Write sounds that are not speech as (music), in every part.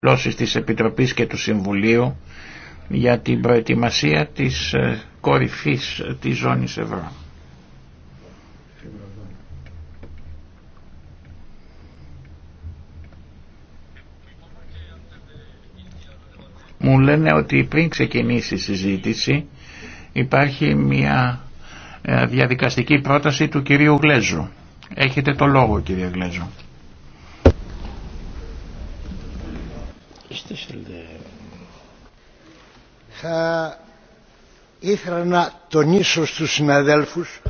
δηλώσεις της Επιτροπής και του Συμβουλίου για την προετοιμασία της ε, κορυφής της ζώνης ευρώ. Μου λένε ότι πριν ξεκινήσει η συζήτηση υπάρχει μια ε, διαδικαστική πρόταση του κυρίου Γλέζου. Έχετε το λόγο κύριε Γλέζου. Θα ήθελα να τονίσω στους συναδέλφους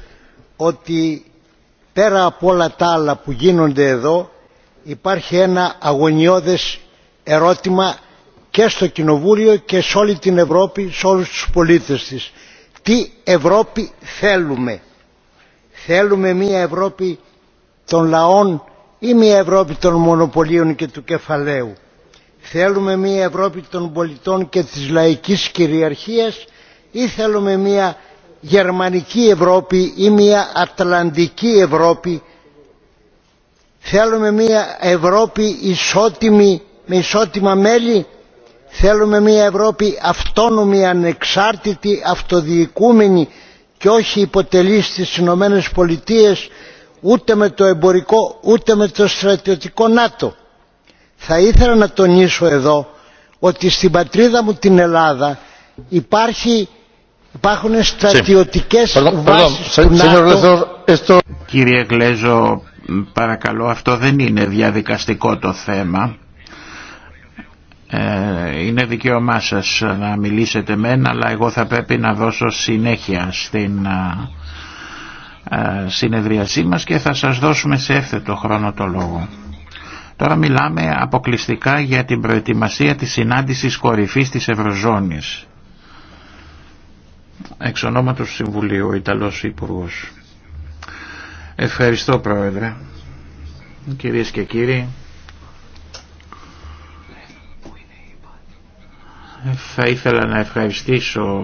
ότι πέρα από όλα τα άλλα που γίνονται εδώ υπάρχει ένα αγωνιώδες ερώτημα και στο Κοινοβούλιο και σε όλη την Ευρώπη, σε όλους τους πολίτες της. Τι Ευρώπη θέλουμε. Θέλουμε μια Ευρώπη των λαών ή μια Ευρώπη των μονοπωλίων και του κεφαλαίου Θέλουμε μια Ευρώπη των πολιτών και της λαϊκής κυριαρχίας ή θέλουμε μια γερμανική Ευρώπη ή μια ατλαντική Ευρώπη. Θέλουμε μια Ευρώπη ισότιμη με ισότιμα μέλη. Θέλουμε μια Ευρώπη αυτόνομη, ανεξάρτητη, αυτοδιοικούμενη και όχι υποτελεί στις Ηνωμένε Πολιτείες ούτε με το εμπορικό ούτε με το στρατιωτικό ΝΑΤΟ θα ήθελα να τονίσω εδώ ότι στην πατρίδα μου την Ελλάδα υπάρχει, υπάρχουν στρατιωτικές sí. βάσεις Κύριε Γκλέζο, παρακαλώ, αυτό δεν είναι διαδικαστικό το θέμα. Ε, είναι δικαίωμά σας να μιλήσετε μεν, αλλά εγώ θα πρέπει να δώσω συνέχεια στην ε, ε, συνεδριασή μας και θα σας δώσουμε σε έφθετο χρόνο το λόγο. Τώρα μιλάμε αποκλειστικά για την προετοιμασία της συνάντησης κορυφής της Ευρωζώνης. Εξ ονόματος Συμβουλίου, ο Ιταλός Υπουργός. Ευχαριστώ Πρόεδρε. Κυρίες και κύριοι, θα ήθελα να ευχαριστήσω,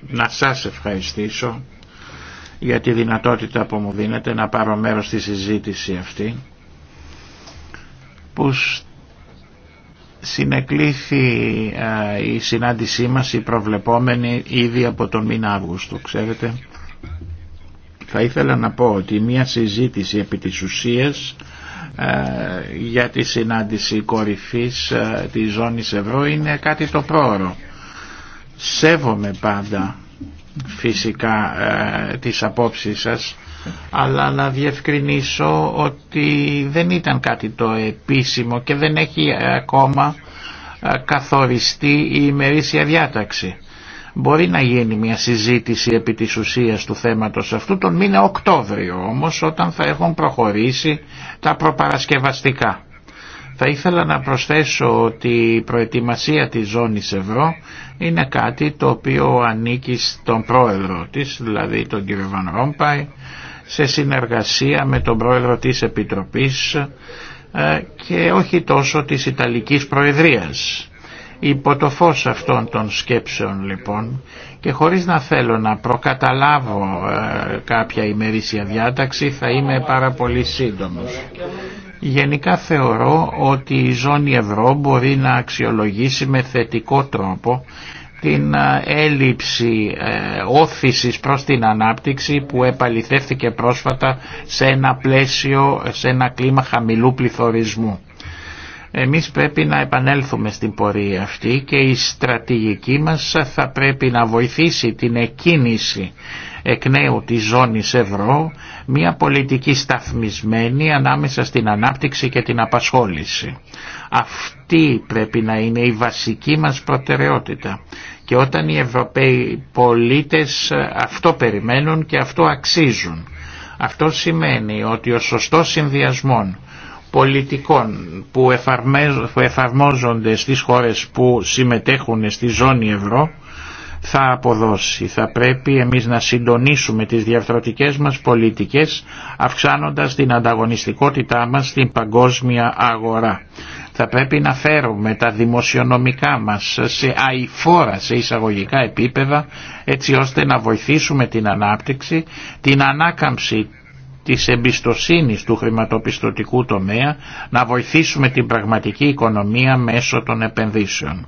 να σας ευχαριστήσω για τη δυνατότητα που μου δίνετε να πάρω μέρος στη συζήτηση αυτή που συνεκλήθη η συνάντησή μας η προβλεπόμενη ήδη από τον μήνα Αύγουστο ξέρετε θα ήθελα να πω ότι μια συζήτηση επί της ουσίας για τη συνάντηση κορυφής της ζώνης ευρώ είναι κάτι το πρόωρο σέβομαι πάντα φυσικά τις απόψεις σας αλλά να διευκρινίσω ότι δεν ήταν κάτι το επίσημο και δεν έχει ακόμα ε, καθοριστεί η ημερήσια διάταξη. Μπορεί να γίνει μια συζήτηση επί της ουσίας του θέματος αυτού τον μήνα Οκτώβριο όμως όταν θα έχουν προχωρήσει τα προπαρασκευαστικά. Θα ήθελα να προσθέσω ότι η προετοιμασία της ζώνης ευρώ είναι κάτι το οποίο ανήκει στον πρόεδρο της, δηλαδή τον κύριο Βαν Ρόμπαϊ, σε συνεργασία με τον πρόεδρο της Επιτροπής ε, και όχι τόσο της Ιταλικής Προεδρίας. Υπό το φως αυτών των σκέψεων λοιπόν και χωρίς να θέλω να προκαταλάβω ε, κάποια ημερήσια διάταξη θα είμαι πάρα πολύ σύντομος. Γενικά θεωρώ ότι η ζώνη ευρώ μπορεί να αξιολογήσει με θετικό τρόπο την ε, έλλειψη ε, όθησης προς την ανάπτυξη που επαληθεύθηκε πρόσφατα σε ένα πλαίσιο, σε ένα κλίμα χαμηλού πληθωρισμού. Εμείς πρέπει να επανέλθουμε στην πορεία αυτή και η στρατηγική μας θα πρέπει να βοηθήσει την εκκίνηση εκ νέου της ζώνης ευρώ, μια πολιτική σταθμισμένη ανάμεσα στην ανάπτυξη και την απασχόληση. Αυτή πρέπει να είναι η βασική μας προτεραιότητα και όταν οι Ευρωπαίοι πολίτες αυτό περιμένουν και αυτό αξίζουν. Αυτό σημαίνει ότι ο σωστός συνδυασμός πολιτικών που εφαρμόζονται στις χώρες που συμμετέχουν στη ζώνη ευρώ θα αποδώσει. Θα πρέπει εμείς να συντονίσουμε τις διαφορετικές μας πολιτικές αυξάνοντας την ανταγωνιστικότητά μας στην παγκόσμια αγορά. Θα πρέπει να φέρουμε τα δημοσιονομικά μας σε αηφόρα, σε εισαγωγικά επίπεδα, έτσι ώστε να βοηθήσουμε την ανάπτυξη, την ανάκαμψη της εμπιστοσύνης του χρηματοπιστωτικού τομέα, να βοηθήσουμε την πραγματική οικονομία μέσω των επενδύσεων.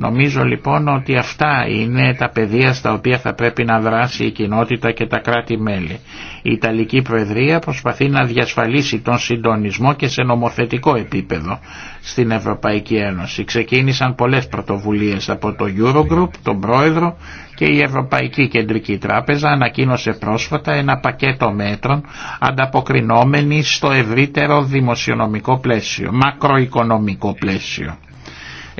Νομίζω λοιπόν ότι αυτά είναι τα πεδία στα οποία θα πρέπει να δράσει η κοινότητα και τα κράτη-μέλη. Η Ιταλική Προεδρία προσπαθεί να διασφαλίσει τον συντονισμό και σε νομοθετικό επίπεδο στην Ευρωπαϊκή Ένωση. Ξεκίνησαν πολλές πρωτοβουλίες από το Eurogroup, τον Πρόεδρο και η Ευρωπαϊκή Κεντρική Τράπεζα ανακοίνωσε πρόσφατα ένα πακέτο μέτρων ανταποκρινόμενοι στο ευρύτερο δημοσιονομικό πλαίσιο, μακροοικονομικό πλαίσιο.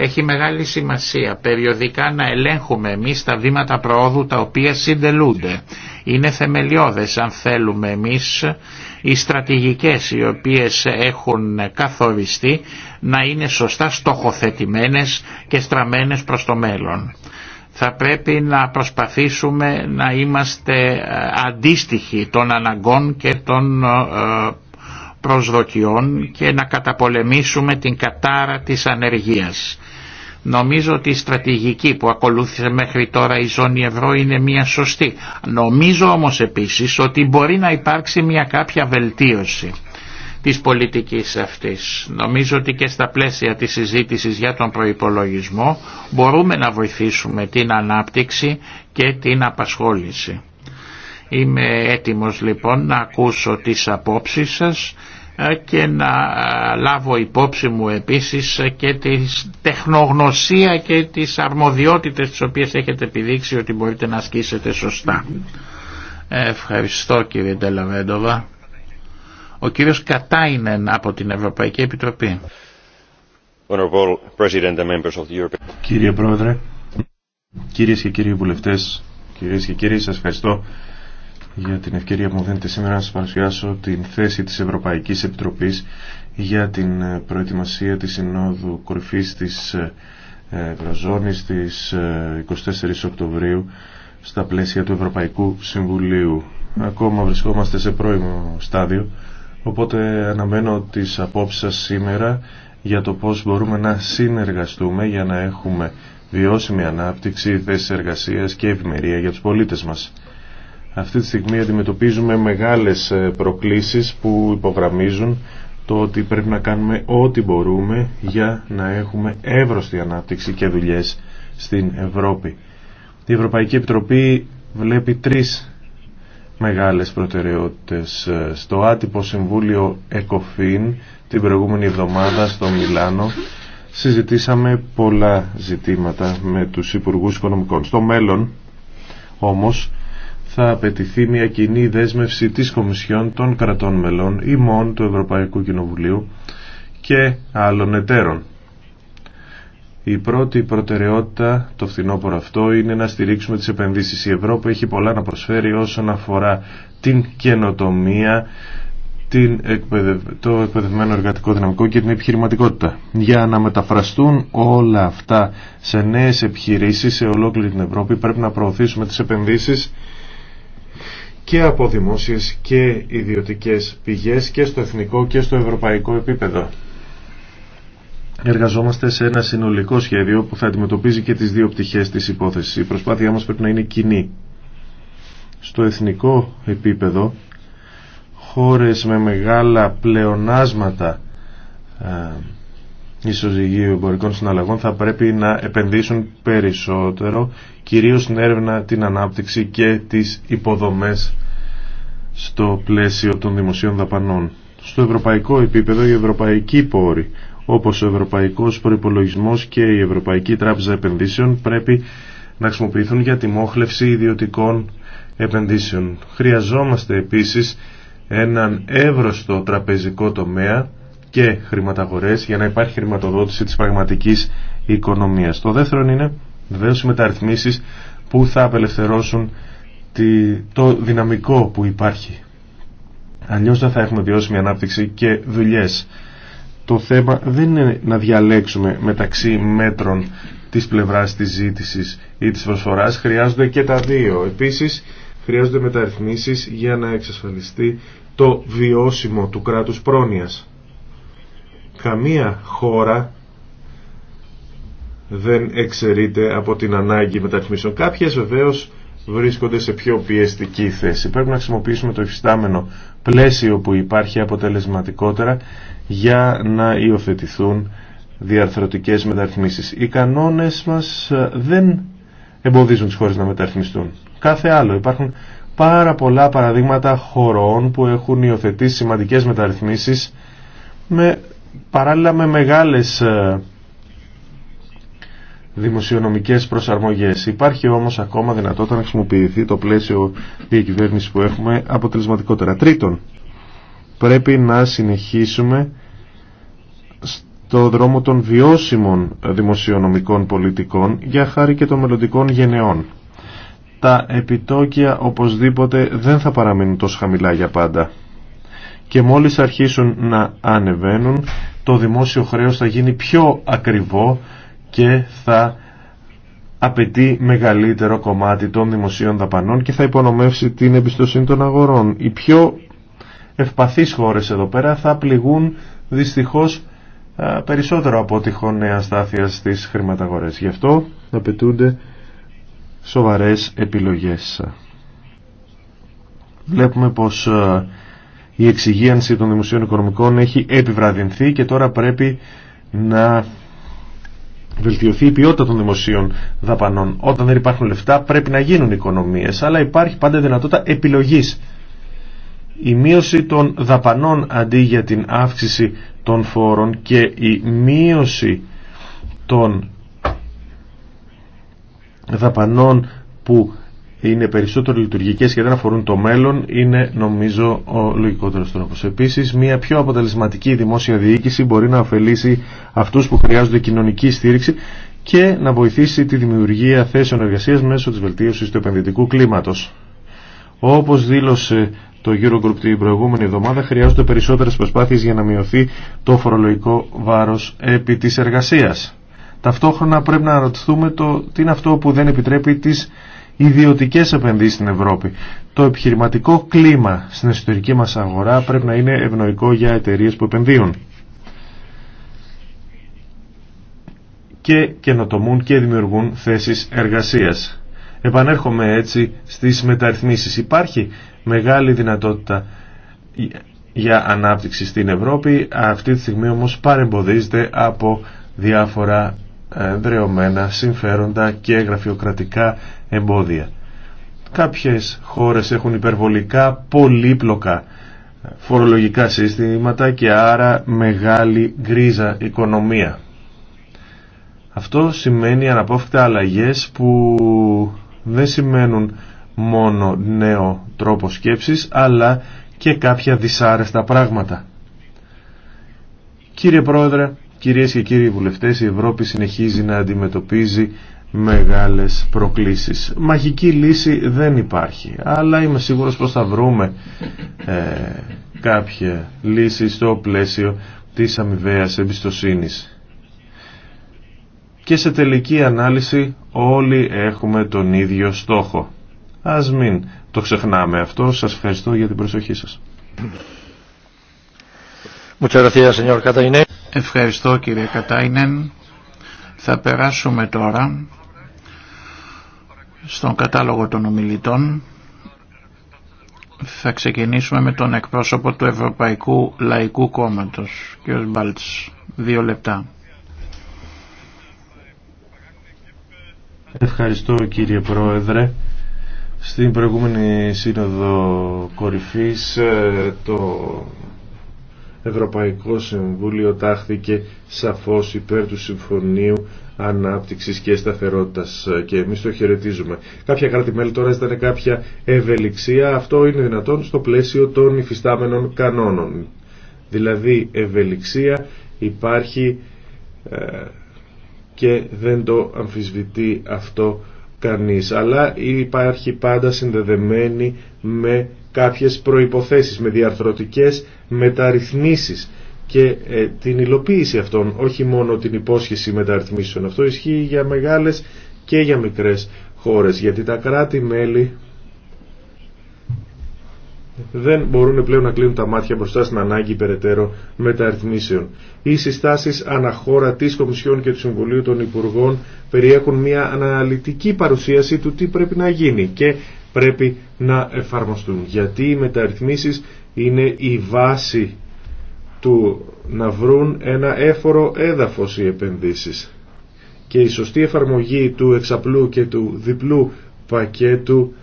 Έχει μεγάλη σημασία περιοδικά να ελέγχουμε εμείς τα βήματα προόδου τα οποία συντελούνται. Είναι θεμελιώδες αν θέλουμε εμείς οι στρατηγικές οι οποίες έχουν καθοριστεί να είναι σωστά στοχοθετημένες και στραμμένες προς το μέλλον. Θα πρέπει να προσπαθήσουμε να είμαστε ε, αντίστοιχοι των αναγκών και των ε, προσδοκιών και να καταπολεμήσουμε την κατάρα της ανεργίας. Νομίζω ότι η στρατηγική που ακολούθησε μέχρι τώρα η ζώνη ευρώ είναι μια σωστή. Νομίζω όμως επίσης ότι μπορεί να υπάρξει μια κάποια βελτίωση της πολιτικής αυτής. Νομίζω ότι και στα πλαίσια της συζήτησης για τον προϋπολογισμό μπορούμε να βοηθήσουμε την ανάπτυξη και την απασχόληση. Είμαι έτοιμος λοιπόν να ακούσω τις απόψεις σας και να λάβω υπόψη μου επίσης και τη τεχνογνωσία και τις αρμοδιότητες τις οποίες έχετε επιδείξει ότι μπορείτε να ασκήσετε σωστά. Ευχαριστώ κύριε Ντελαβέντοβα. Ο κύριος Κατάινεν από την Ευρωπαϊκή Επιτροπή. Κύριε Πρόεδρε, κυρίες και κύριοι βουλευτές, κυρίες και κύριοι σας ευχαριστώ για την ευκαιρία που μου δίνετε σήμερα να σας παρουσιάσω την θέση της Ευρωπαϊκής Επιτροπής για την ε, προετοιμασία της Συνόδου Κορυφής της ε, Ευρωζώνης της 24 ε, Οκτωβρίου στα πλαίσια του Ευρωπαϊκού Συμβουλίου. Ακόμα βρισκόμαστε σε πρώιμο στάδιο, οπότε αναμένω τις απόψεις σας σήμερα για το πώς μπορούμε να συνεργαστούμε για να έχουμε βιώσιμη ανάπτυξη, θέσεις εργασίας και ευημερία για τους πολίτες μας. Αυτή τη στιγμή αντιμετωπίζουμε μεγάλες ε, προκλήσεις που υπογραμμίζουν το ότι πρέπει να κάνουμε ό,τι μπορούμε για να έχουμε εύρωστη ανάπτυξη και δουλειές στην Ευρώπη. Η Ευρωπαϊκή Επιτροπή βλέπει τρεις μεγάλες προτεραιότητες. Ε, στο άτυπο Συμβούλιο ΕΚΟΦΗΝ την προηγούμενη εβδομάδα στο Μιλάνο συζητήσαμε πολλά ζητήματα με τους Υπουργούς Οικονομικών. Στο μέλλον όμως θα απαιτηθεί μια κοινή δέσμευση της Κομισιόν των κρατών μελών Η πρώτη του Ευρωπαϊκού Κοινοβουλίου και άλλων εταίρων. Η πρώτη προτεραιότητα το φθινόπωρο αυτό είναι να στηρίξουμε τις επενδύσεις. Η Ευρώπη έχει πολλά να προσφέρει όσον αφορά την καινοτομία, την το εκπαιδευμένο εργατικό δυναμικό και την επιχειρηματικότητα. Για να μεταφραστούν όλα αυτά σε νέες επιχειρήσεις σε ολόκληρη την Ευρώπη πρέπει να προωθήσουμε τι επενδύσει και από δημόσιες και ιδιωτικές πηγές και στο εθνικό και στο ευρωπαϊκό επίπεδο. Εργαζόμαστε σε ένα συνολικό σχέδιο που θα αντιμετωπίζει και τις δύο πτυχές της υπόθεσης. Η προσπάθειά μας πρέπει να είναι κοινή. Στο εθνικό επίπεδο, χώρες με μεγάλα πλεονάσματα ε, ισοζυγίου εμπορικών συναλλαγών θα πρέπει να επενδύσουν περισσότερο κυρίως στην έρευνα, την ανάπτυξη και τις υποδομές στο πλαίσιο των δημοσίων δαπανών. Στο ευρωπαϊκό επίπεδο οι ευρωπαϊκοί πόροι όπως ο Ευρωπαϊκός Προϋπολογισμός και η Ευρωπαϊκή Τράπεζα Επενδύσεων πρέπει να χρησιμοποιηθούν για τη μόχλευση ιδιωτικών επενδύσεων. Χρειαζόμαστε επίσης έναν εύρωστο τραπεζικό τομέα και χρηματαγορές για να υπάρχει χρηματοδότηση τη πραγματική οικονομία. Το δεύτερο είναι βεβαίω οι μεταρρυθμίσει που θα απελευθερώσουν το δυναμικό που υπάρχει. Αλλιώ δεν θα έχουμε βιώσιμη ανάπτυξη και δουλειέ. Το θέμα δεν είναι να διαλέξουμε μεταξύ μέτρων της πλευράς της ζήτησης ή της προσφοράς, χρειάζονται και τα δύο. Επίσης, χρειάζονται μεταρρυθμίσεις για να εξασφαλιστεί το βιώσιμο του κράτους πρόνοιας. Καμία χώρα δεν εξαιρείται από την ανάγκη μεταρρυθμίσεων. Κάποιες βεβαίως βρίσκονται σε πιο πιεστική θέση. Πρέπει να χρησιμοποιήσουμε το υφιστάμενο πλαίσιο που υπάρχει αποτελεσματικότερα για να υιοθετηθούν διαρθρωτικές μεταρρυθμίσεις. Οι κανόνες μας ε, δεν εμποδίζουν τις χώρες να μεταρρυθμιστούν. Κάθε άλλο. Υπάρχουν πάρα πολλά παραδείγματα χωρών που έχουν υιοθετήσει σημαντικές μεταρρυθμίσει. με παράλληλα με μεγάλες ε, δημοσιονομικές προσαρμογές. Υπάρχει όμως ακόμα δυνατότητα να χρησιμοποιηθεί το πλαίσιο διακυβέρνηση που έχουμε αποτελεσματικότερα. Τρίτον, πρέπει να συνεχίσουμε στο δρόμο των βιώσιμων δημοσιονομικών πολιτικών για χάρη και των μελλοντικών γενεών. Τα επιτόκια οπωσδήποτε δεν θα παραμείνουν τόσο χαμηλά για πάντα και μόλις αρχίσουν να ανεβαίνουν το δημόσιο χρέος θα γίνει πιο ακριβό και θα απαιτεί μεγαλύτερο κομμάτι των δημοσίων δαπανών και θα υπονομεύσει την εμπιστοσύνη των αγορών. Οι πιο ευπαθείς χώρες εδώ πέρα θα πληγούν δυστυχώς περισσότερο από τυχόν νέα στάθεια στις χρηματαγορές. Γι' αυτό απαιτούνται σοβαρές επιλογές. Βλέπουμε πως η εξυγίανση των δημοσίων οικονομικών έχει επιβραδυνθεί και τώρα πρέπει να βελτιωθεί η ποιότητα των δημοσίων δαπανών. Όταν δεν υπάρχουν λεφτά πρέπει να γίνουν οικονομίες, αλλά υπάρχει πάντα δυνατότητα επιλογής. Η μείωση των δαπανών αντί για την αύξηση των φόρων και η μείωση των δαπανών που είναι περισσότερο λειτουργικέ και δεν αφορούν το μέλλον είναι νομίζω ο λογικότερο τρόπο. Επίση, μια πιο αποτελεσματική δημόσια διοίκηση μπορεί να ωφελήσει αυτού που χρειάζονται κοινωνική στήριξη και να βοηθήσει τη δημιουργία θέσεων εργασία μέσω τη βελτίωση του επενδυτικού κλίματο. Όπω δήλωσε το Eurogroup την προηγούμενη εβδομάδα χρειάζονται περισσότερε προσπάθειε για να μειωθεί το φορολογικό βάρο επί τη εργασία. Ταυτόχρονα πρέπει να αναρωτηθούμε το τι είναι αυτό που δεν επιτρέπει τις Ιδιωτικέ επενδύσει στην Ευρώπη. Το επιχειρηματικό κλίμα στην εσωτερική μας αγορά πρέπει να είναι ευνοϊκό για εταιρείε που επενδύουν. και καινοτομούν και δημιουργούν θέσεις εργασίας. Επανέρχομαι έτσι στις μεταρρυθμίσεις. Υπάρχει μεγάλη δυνατότητα για ανάπτυξη στην Ευρώπη, αυτή τη στιγμή όμως παρεμποδίζεται από διάφορα δρεωμένα, συμφέροντα και γραφειοκρατικά εμπόδια. Κάποιες χώρες έχουν υπερβολικά πολύπλοκα φορολογικά σύστηματα και άρα μεγάλη γκρίζα οικονομία. Αυτό σημαίνει αναπόφευκτα αλλαγές που δεν σημαίνουν μόνο νέο τρόπο σκέψης αλλά και κάποια δυσάρεστα πράγματα. Κύριε Πρόεδρε, Κυρίες και κύριοι βουλευτές, η Ευρώπη συνεχίζει να αντιμετωπίζει μεγάλες προκλήσεις. Μαγική λύση δεν υπάρχει, αλλά είμαι σίγουρος πως θα βρούμε ε, κάποια λύση στο πλαίσιο της αμοιβαίας εμπιστοσύνης. Και σε τελική ανάλυση όλοι έχουμε τον ίδιο στόχο. Ας μην το ξεχνάμε αυτό. Σας ευχαριστώ για την προσοχή σας. Ευχαριστώ κύριε Κατάινεν. Θα περάσουμε τώρα στον κατάλογο των ομιλητών. Θα ξεκινήσουμε με τον εκπρόσωπο του Ευρωπαϊκού Λαϊκού Κόμματος, κ. Μπάλτς. Δύο λεπτά. Ευχαριστώ κύριε Πρόεδρε. Στην προηγούμενη σύνοδο κορυφής ε, το Ευρωπαϊκό Συμβούλιο τάχθηκε σαφώς υπέρ του Συμφωνίου Ανάπτυξης και Σταθερότητας και εμείς το χαιρετίζουμε. Κάποια κράτη-μέλη τώρα ζητάνε κάποια ευελιξία. Αυτό είναι δυνατόν στο πλαίσιο των υφιστάμενων κανόνων. Δηλαδή ευελιξία υπάρχει ε, και δεν το αμφισβητεί αυτό κανείς. Αλλά υπάρχει πάντα συνδεδεμένη με κάποιες προϋποθέσεις με διαρθρωτικές μεταρρυθμίσεις και ε, την υλοποίηση αυτών, όχι μόνο την υπόσχεση μεταρρυθμίσεων. Αυτό ισχύει για μεγάλες και για μικρές χώρες, γιατί τα κράτη-μέλη δεν μπορούν πλέον να κλείνουν τα μάτια μπροστά στην ανάγκη περαιτέρω μεταρρυθμίσεων. Οι συστάσεις αναχώρα της Κομισιόν και του Συμβουλίου των Υπουργών περιέχουν μια αναλυτική παρουσίαση του τι πρέπει να γίνει και πρέπει να εφαρμοστούν. Γιατί οι μεταρρυθμίσεις είναι η βάση του να βρουν ένα έφορο έδαφος οι επενδύσεις. Και η σωστή εφαρμογή του εξαπλού και του διπλού πακέτου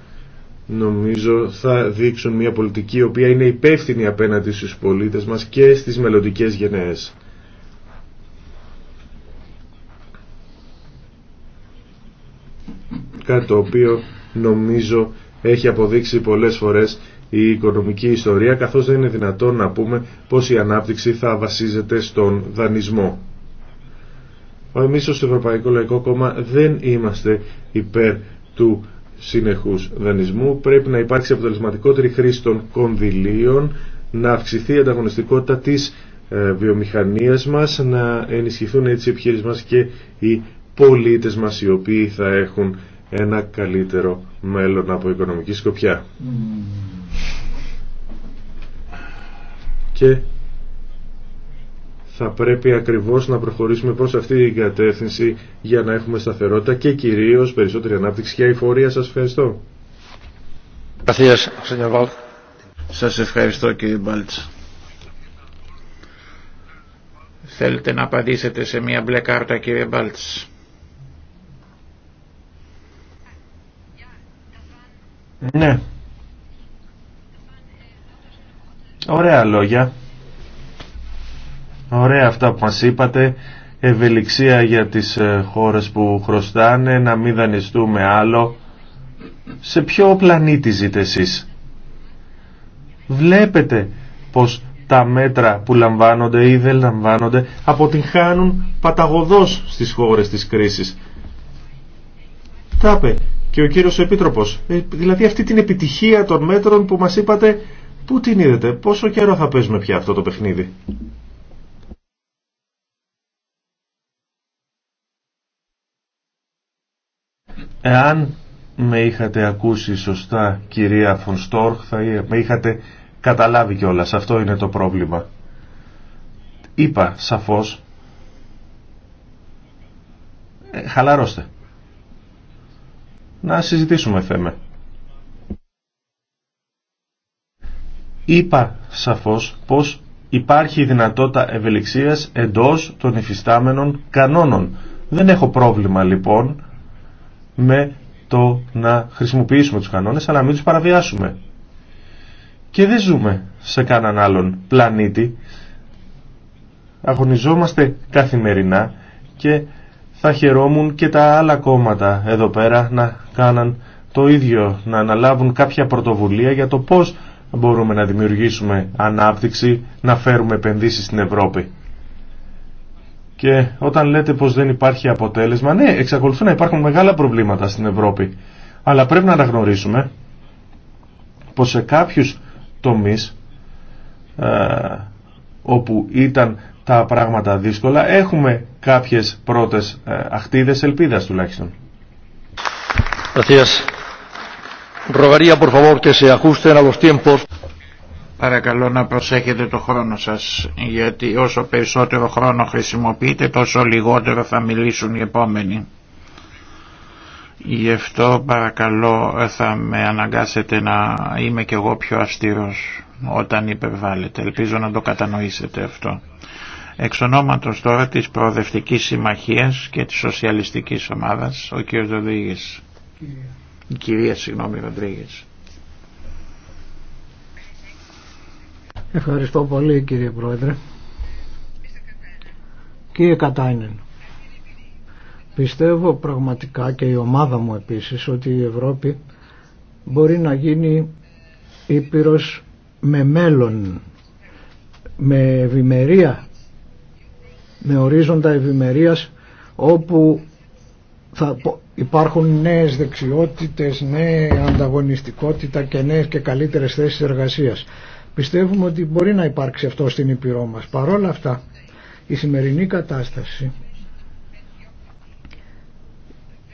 νομίζω θα δείξουν μια πολιτική η οποία είναι υπεύθυνη απέναντι στους πολίτες μας και στις μελλοντικέ γενναίες. Κάτι το οποίο νομίζω έχει αποδείξει πολλές φορές η οικονομική ιστορία, καθώς δεν είναι δυνατόν να πούμε πως η ανάπτυξη θα βασίζεται στον δανεισμό. Εμείς ως Ευρωπαϊκό Λαϊκό Κόμμα δεν είμαστε υπέρ του συνεχούς δανεισμού. Πρέπει να υπάρξει αποτελεσματικότερη χρήση των κονδυλίων, να αυξηθεί η ανταγωνιστικότητα της ε, βιομηχανίας μας, να ενισχυθούν έτσι οι επιχείρησεις μας και οι πολίτες μας οι οποίοι θα έχουν ένα καλύτερο μέλλον από οικονομική σκοπιά. Και θα πρέπει ακριβώς να προχωρήσουμε προς αυτή την κατεύθυνση για να έχουμε σταθερότητα και κυρίως περισσότερη ανάπτυξη και αηφορία. Σας ευχαριστώ. Σας ευχαριστώ κύριε Μπάλτς. Θέλετε να απαντήσετε σε μια μπλε κάρτα κύριε Μπάλτς. Ναι. Ωραία λόγια. Ωραία αυτά που μας είπατε. Ευελιξία για τις ε, χώρες που χρωστάνε, να μην δανειστούμε άλλο. Σε ποιο πλανήτη ζείτε εσείς. Βλέπετε πως τα μέτρα που λαμβάνονται ή δεν λαμβάνονται αποτυγχάνουν παταγωδός στις χώρες της κρίσης. τάπε και ο κύριος Επίτροπος. Ε, δηλαδή αυτή την επιτυχία των μέτρων που μας είπατε, πού την είδατε, πόσο καιρό θα παίζουμε πια αυτό το παιχνίδι. Εάν με είχατε ακούσει σωστά κυρία Φωνστόρχ, θα με είχατε καταλάβει κιόλα. Αυτό είναι το πρόβλημα. Είπα σαφώς, ε, χαλαρώστε να συζητήσουμε θέμα. Είπα σαφώς πως υπάρχει δυνατότητα ευελιξίας εντός των υφιστάμενων κανόνων. Δεν έχω πρόβλημα λοιπόν με το να χρησιμοποιήσουμε τους κανόνες αλλά μην τους παραβιάσουμε. Και δεν ζούμε σε κανέναν άλλον πλανήτη. Αγωνιζόμαστε καθημερινά και θα χαιρόμουν και τα άλλα κόμματα εδώ πέρα να κάναν το ίδιο, να αναλάβουν κάποια πρωτοβουλία για το πώς μπορούμε να δημιουργήσουμε ανάπτυξη, να φέρουμε επενδύσεις στην Ευρώπη. Και όταν λέτε πως δεν υπάρχει αποτέλεσμα, ναι, εξακολουθούν να υπάρχουν μεγάλα προβλήματα στην Ευρώπη. Αλλά πρέπει να αναγνωρίσουμε πως σε κάποιους τομείς ε, όπου ήταν τα πράγματα δύσκολα, έχουμε κάποιες πρώτες ε, αχτίδες ελπίδας τουλάχιστον. Παρακαλώ να προσέχετε το χρόνο σας, γιατί όσο περισσότερο χρόνο χρησιμοποιείτε, τόσο λιγότερο θα μιλήσουν οι επόμενοι. Γι' αυτό παρακαλώ θα με αναγκάσετε να είμαι κι εγώ πιο αυστηρός όταν υπερβάλλετε. Ελπίζω να το κατανοήσετε αυτό. Εξ ονόματος τώρα της Προοδευτικής Συμμαχίας και της Σοσιαλιστικής Ομάδας, ο κ. Ροντρίγης. Η κυρία, συγγνώμη, Ροντρίγης. Ευχαριστώ πολύ κύριε Πρόεδρε. Κύριε Κατάινεν, πιστεύω πραγματικά και η ομάδα μου επίσης ότι η Ευρώπη μπορεί να γίνει ήπειρος με μέλλον, με ευημερία με ορίζοντα ευημερία όπου θα υπάρχουν νέες δεξιότητες, νέα ανταγωνιστικότητα και νέες και καλύτερες θέσεις εργασίας. Πιστεύουμε ότι μπορεί να υπάρξει αυτό στην Ήπειρό μας. Παρόλα αυτά, η σημερινή κατάσταση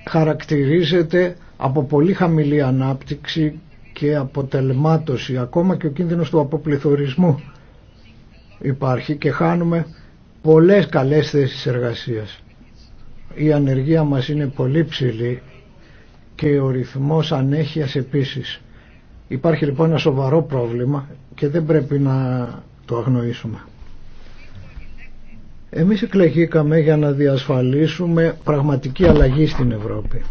χαρακτηρίζεται από πολύ χαμηλή ανάπτυξη και αποτελμάτωση. Ακόμα και ο κίνδυνος του αποπληθωρισμού υπάρχει και χάνουμε πολλές καλές θέσεις εργασίας. Η ανεργία μας είναι πολύ ψηλή και ο ρυθμός ανέχειας επίσης. Υπάρχει λοιπόν ένα σοβαρό πρόβλημα και δεν πρέπει να το αγνοήσουμε. Εμείς εκλεγήκαμε για να διασφαλίσουμε πραγματική αλλαγή στην Ευρώπη.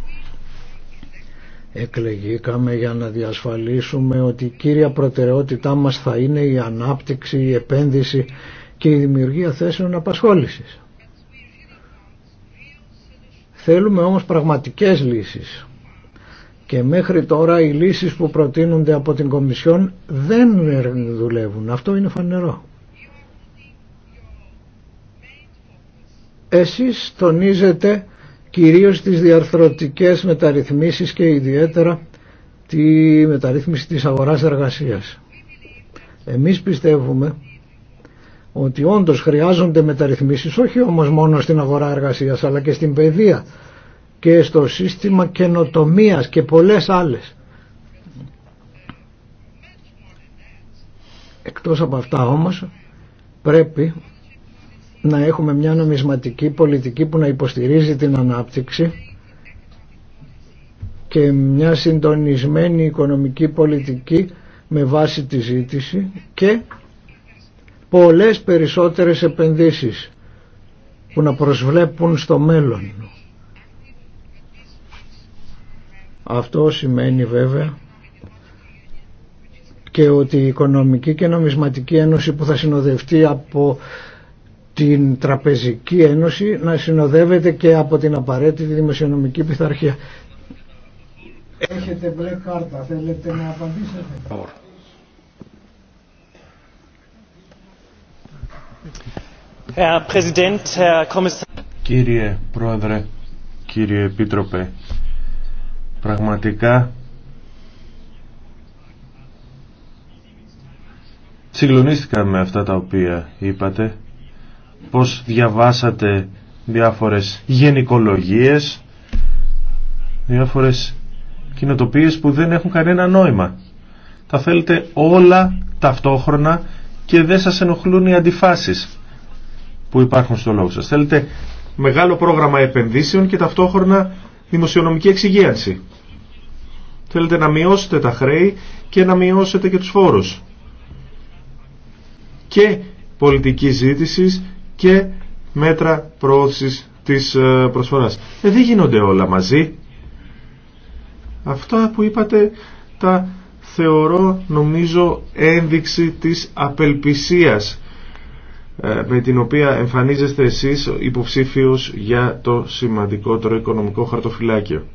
Εκλεγήκαμε για να διασφαλίσουμε ότι η κύρια προτεραιότητά μας θα είναι η ανάπτυξη, η επένδυση και η δημιουργία θέσεων απασχόλησης. Θέλουμε όμως πραγματικές λύσεις και μέχρι τώρα οι λύσεις που προτείνονται από την Κομισιόν δεν δουλεύουν. Αυτό είναι φανερό. Εσείς τονίζετε κυρίως τις διαρθρωτικές μεταρρυθμίσεις και ιδιαίτερα τη μεταρρύθμιση της αγοράς εργασίας. Εμείς πιστεύουμε ότι όντως χρειάζονται μεταρρυθμίσεις όχι όμως μόνο στην αγορά εργασίας αλλά και στην παιδεία και στο σύστημα καινοτομίας και πολλές άλλες. Εκτός από αυτά όμως πρέπει να έχουμε μια νομισματική πολιτική που να υποστηρίζει την ανάπτυξη και μια συντονισμένη οικονομική πολιτική με βάση τη ζήτηση και πολλές περισσότερες επενδύσεις που να προσβλέπουν στο μέλλον. Αυτό σημαίνει βέβαια και ότι η Οικονομική και Νομισματική Ένωση που θα συνοδευτεί από την Τραπεζική Ένωση να συνοδεύεται και από την απαραίτητη δημοσιονομική πειθαρχία. Έχετε μπλε κάρτα, θέλετε να απαντήσετε. Κύριε Πρόεδρε, κύριε Επίτροπε, πραγματικά συγκλονίστηκα με αυτά τα οποία είπατε, πώς διαβάσατε διάφορες γενικολογίες, διάφορες κοινοτοπίες που δεν έχουν κανένα νόημα. Τα θέλετε όλα ταυτόχρονα και δεν σας ενοχλούν οι αντιφάσεις που υπάρχουν στο λόγο σας. Θέλετε μεγάλο πρόγραμμα επενδύσεων και ταυτόχρονα δημοσιονομική εξυγίανση. Θέλετε να μειώσετε τα χρέη και να μειώσετε και τους φόρους. Και πολιτική ζήτηση και μέτρα προώθησης της ε, προσφοράς. Ε, δεν γίνονται όλα μαζί. Αυτά που είπατε τα θεωρώ νομίζω ένδειξη της απελπισίας ε, με την οποία εμφανίζεστε εσείς υποψήφιος για το σημαντικότερο οικονομικό χαρτοφυλάκιο.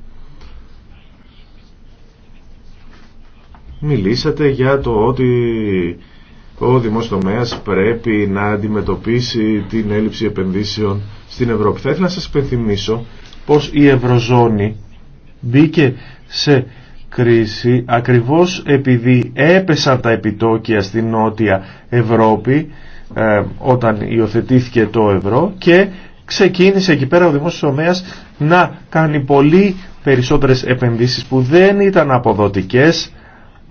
Μιλήσατε για το ότι ο δημόσιος πρέπει να αντιμετωπίσει την έλλειψη επενδύσεων στην Ευρώπη. Θα ήθελα να σας υπενθυμίσω πως η Ευρωζώνη μπήκε σε κρίση ακριβώς επειδή έπεσαν τα επιτόκια στην Νότια Ευρώπη ε, όταν υιοθετήθηκε το ευρώ και ξεκίνησε εκεί πέρα ο δημόσιος τομέα να κάνει πολύ περισσότερες επενδύσεις που δεν ήταν αποδοτικές